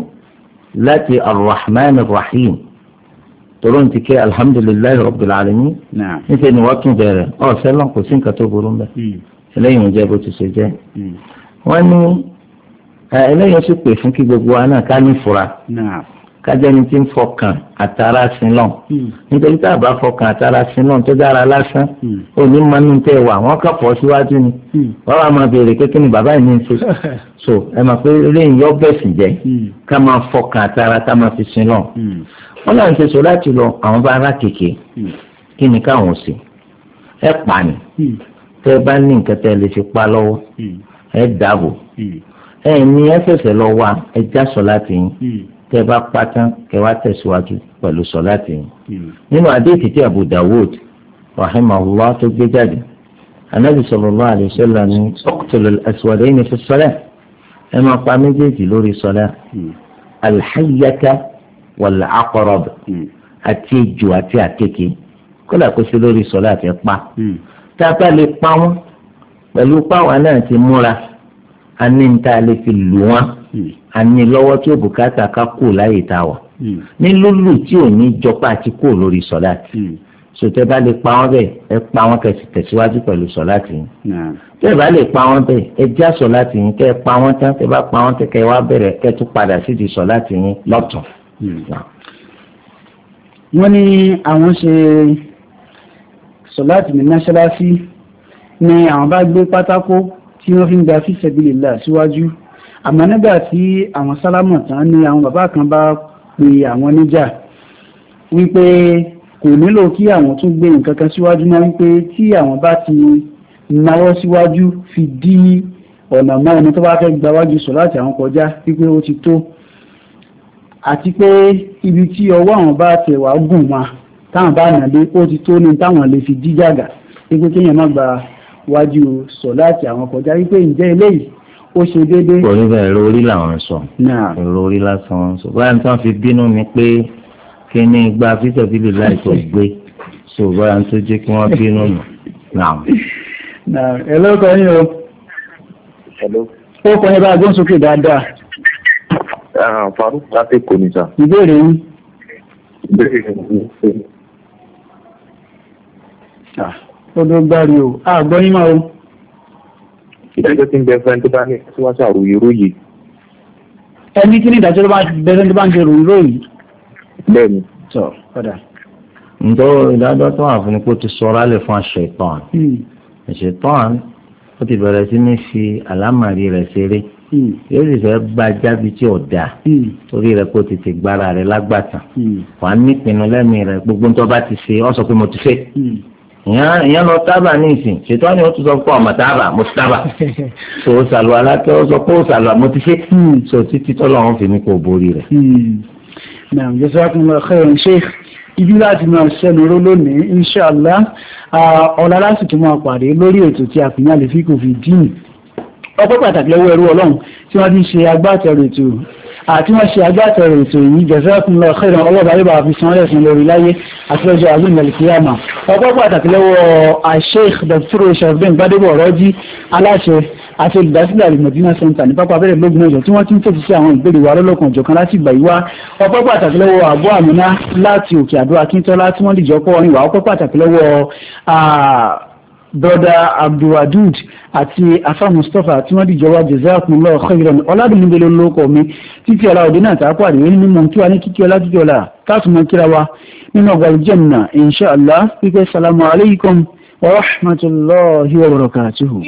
láti arrahman rahim tòrò ní ti ké alhamdulilayi rabbil alamin níṣẹ́ ni wọ́n tún bẹ̀rẹ̀ ọ̀sẹ̀ lọ kò sí nǹkan tó burú mbẹ́ hmm. eléyìí ń jẹ́ bó ṣe jẹ́ hmm. wọ́n ní eléyìí sì pè fún kí gbogbo wa náà ká ní ìfura kájẹni tí ń fọkàn àtàrà sílọ̀ hmm. nítorí tá a bá fọkàn àtàrà sílọ̀ tó dára lásán hmm. òní mọ́nú tẹ wà wọ́n kà pọ̀ síwájú ni hmm. wọ́n wá máa béèrè kékeré bàbá yìí ní ṣe so ẹ máa pé lẹ́yìn yọ bẹ̀sìn jẹ́ ká máa fọkàn àtàrà ká máa fi sílọ̀ wọ́n náà ń ṣe sọ láti lọ àwọn bá ara kèké kí ni káwọn ṣe ẹ pa ni tẹ bá ní nǹkan tẹ lè fi pa lọ́wọ́ ẹ dàbò ẹ ní ẹ fẹsẹ̀ lọ wa ẹ já sọ láti yín tẹ́ bá pátán kẹ́ wá tẹ̀síwájú pẹ̀lú sọláàtì yìí hmm. nínú àdéhìí tí Abu Dawud rahimahullah tó gbé jáde anabi sallallahu alayhi wa sallam ní uqtulul aswadayni fi salah ẹ máa pa méjèèjì lórí salah hmm. alhayyata wal aqrab hmm. àti ejò àti àkekè kódà kó sí lórí sọlá àti pa tá lè pa wọn pẹ̀lú páwa náà ti múra a ní níta lè fi lù wọn ani lọ́wọ́ tí ó bùkátà ká kú láyè tá a wà hmm. ní lúlù tí ò ní jọpá àti kú lórí sọ̀láàtì hmm. sọtẹ́ bá lè pa wọ́n bẹ́ẹ̀ ẹ pa wọ́n kẹsì tẹ̀síwájú pẹ̀lú sọ̀láàtì yín tẹ́ ẹ bá lè pa wọ́n bẹ́ẹ̀ ẹ já sọ̀láàtì yín kẹ́ ẹ pa wọ́n tán tẹ́ bá pa wọ́n tẹ́ kẹ́ ẹ wá bẹ̀rẹ̀ kẹ́ tún padà sídìí sọ̀láàtì yín lọ́tún. Hmm. wọ́n ní àwọn ṣe sọ̀láàtì ní mọ́ṣáláṣí ni àwọn bá gbé pátákó tí wọ́n fi ń gba fíṣẹ́bílì là síwájú àmọ́ nígbà tí àwọn sálámù tán ni àwọn bàbá kan bá pe àwọn níjà wípé kò nílò kí àwọn tún gbé nǹkan kan síwájú náà wípé tí àwọn bá ti náwó síwájú fi dí ọ̀nà mọ́ ẹni tó bá fẹ́ gba wájú sọ láti àwọn kọjá wípé ó ti tó àti pé ibi tí ọwọ́ àwọn bá tẹ̀ wá gùn wá táwọn bá nà lé ó ti tó ní táwọn lè fi díjàgà wípé kéèyàn má gba wájú sọ láti àwọn kọjá wípé ǹjẹ́ eléyìí ó ṣe déédéé. kò rí bẹ́ẹ̀ èrò orí làwọn sọ èrò orí lásán wọn sọ báyà tí wọ́n fi bínú ni pé kí ni gba fífẹ̀fílì láìpẹ́ gbé so báyà tó jẹ́ kí wọ́n bínú nù. ẹ lọ́kọ̀ yín o. ó kọ́ ní bá agbóhùnsókè dáadáa. Ah, faruk láti kò ní sá. ìbéèrè yín. ìbéèrè yín. Ah, ó ló gbárí o àgbọ̀yìn ah, máa o ìdájọ́ tí ń bẹ fẹ́ tó bá ní tí wọ́n ṣàròyìn róye. ẹni kí ni ìdájọ́ tó bá bẹ fẹ́ tó bá ń ṣe ròyìn róye. bẹ́ẹ̀ni. tọ padà. ǹjọ́ ìdájọ́ tó wà fún ni pé ó ti sọra lè fún àṣetán hmm. àṣetán ó ti bẹ̀rẹ̀ sí ní fi àlámàrí rẹ̀ ṣeré hmm. yóò sì fẹ́ bá jábí tí ò dáa hmm. torí rẹ̀ kó tètè gbára rẹ̀ lágbàtàn wàá nípinnu lẹ́mìí rẹ̀ gbogbo ń tọ́ bá ti ṣe ọ́ ìyẹn lọ tábà ní ìsìn ṣètò ni ó tún sọ pé ọmọ tábà mo ti tábà so sàlù alákẹ́ ó sọ pé ó sàlù àmọ́ ti ṣe hmm. so títí tọ́lọ́ wọn fi mí kó borí rẹ̀. Hmm. naam jazakumullahu khairan sheikh ibi láti máa ṣẹnu ró lónìí inṣàlá ọ̀la lásìkò máa pàdé lórí ètò tí àfihàn lè fi kò fi dín ọpẹ́ pàtàkì lọ́wọ́ ẹrú ọlọ́run tí wọ́n ti ṣe agbátẹrù ètò àti wọ́n ṣe agbátẹrù ètò yìí jazakumullahu khairan ọlọ́ba yóò bá fi san ẹ̀sìn lórí láyé àti lọ́jọ́ àgbìn mẹ́lìkìyàmà ọpọ́ pàtàkì lọ́wọ́ Sheikh Dr. Sharafdeen Gbadebo Ọ̀rọ́jí aláṣẹ àti olùdásílẹ̀ alimọ̀dínà center ní pápá abẹ́rẹ́ lógún ọjọ́ tí wọ́n ti ń fèsì sí àwọn ìbéèrè wa lọ́lọ́kan ọ̀jọ̀kan láti gbà yí wá ọpẹ́ pàtàkì lọ́wọ́ àbú àmúná láti òkè àdó akíntọ́lá tí wọ́n dìjọ́ pọ̀ ọ̀rìn wá ọpẹ́ pàtàkì lọ́wọ́ broda abdulwadud àti afa mustapha tí wọ́n dìjọba jazakumullahu khairan ọ̀làdùnúbẹ̀lẹ̀ olóko mi títí ọ̀la òde náà tààkù àdìyẹ nínú mọ̀ tí wà ní kíkí ọ̀la títí ọ̀la káàtùmọ̀ kíra wa nínú ọgbà aljanna insha allah pípẹ́ salamu alaykum wa rahmatulahi wa barakatuhu.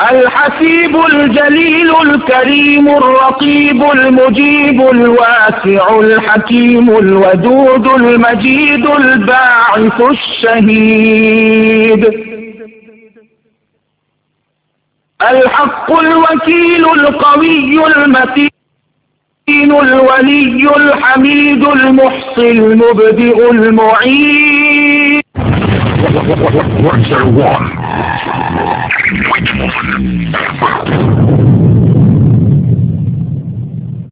الحسيب الجليل الكريم الرقيب المجيب الواسع الحكيم الودود المجيد الباعث الشهيد الحق الوكيل القوي المتين الولي الحميد المحصي المبدئ المعيد One zero one. Which one?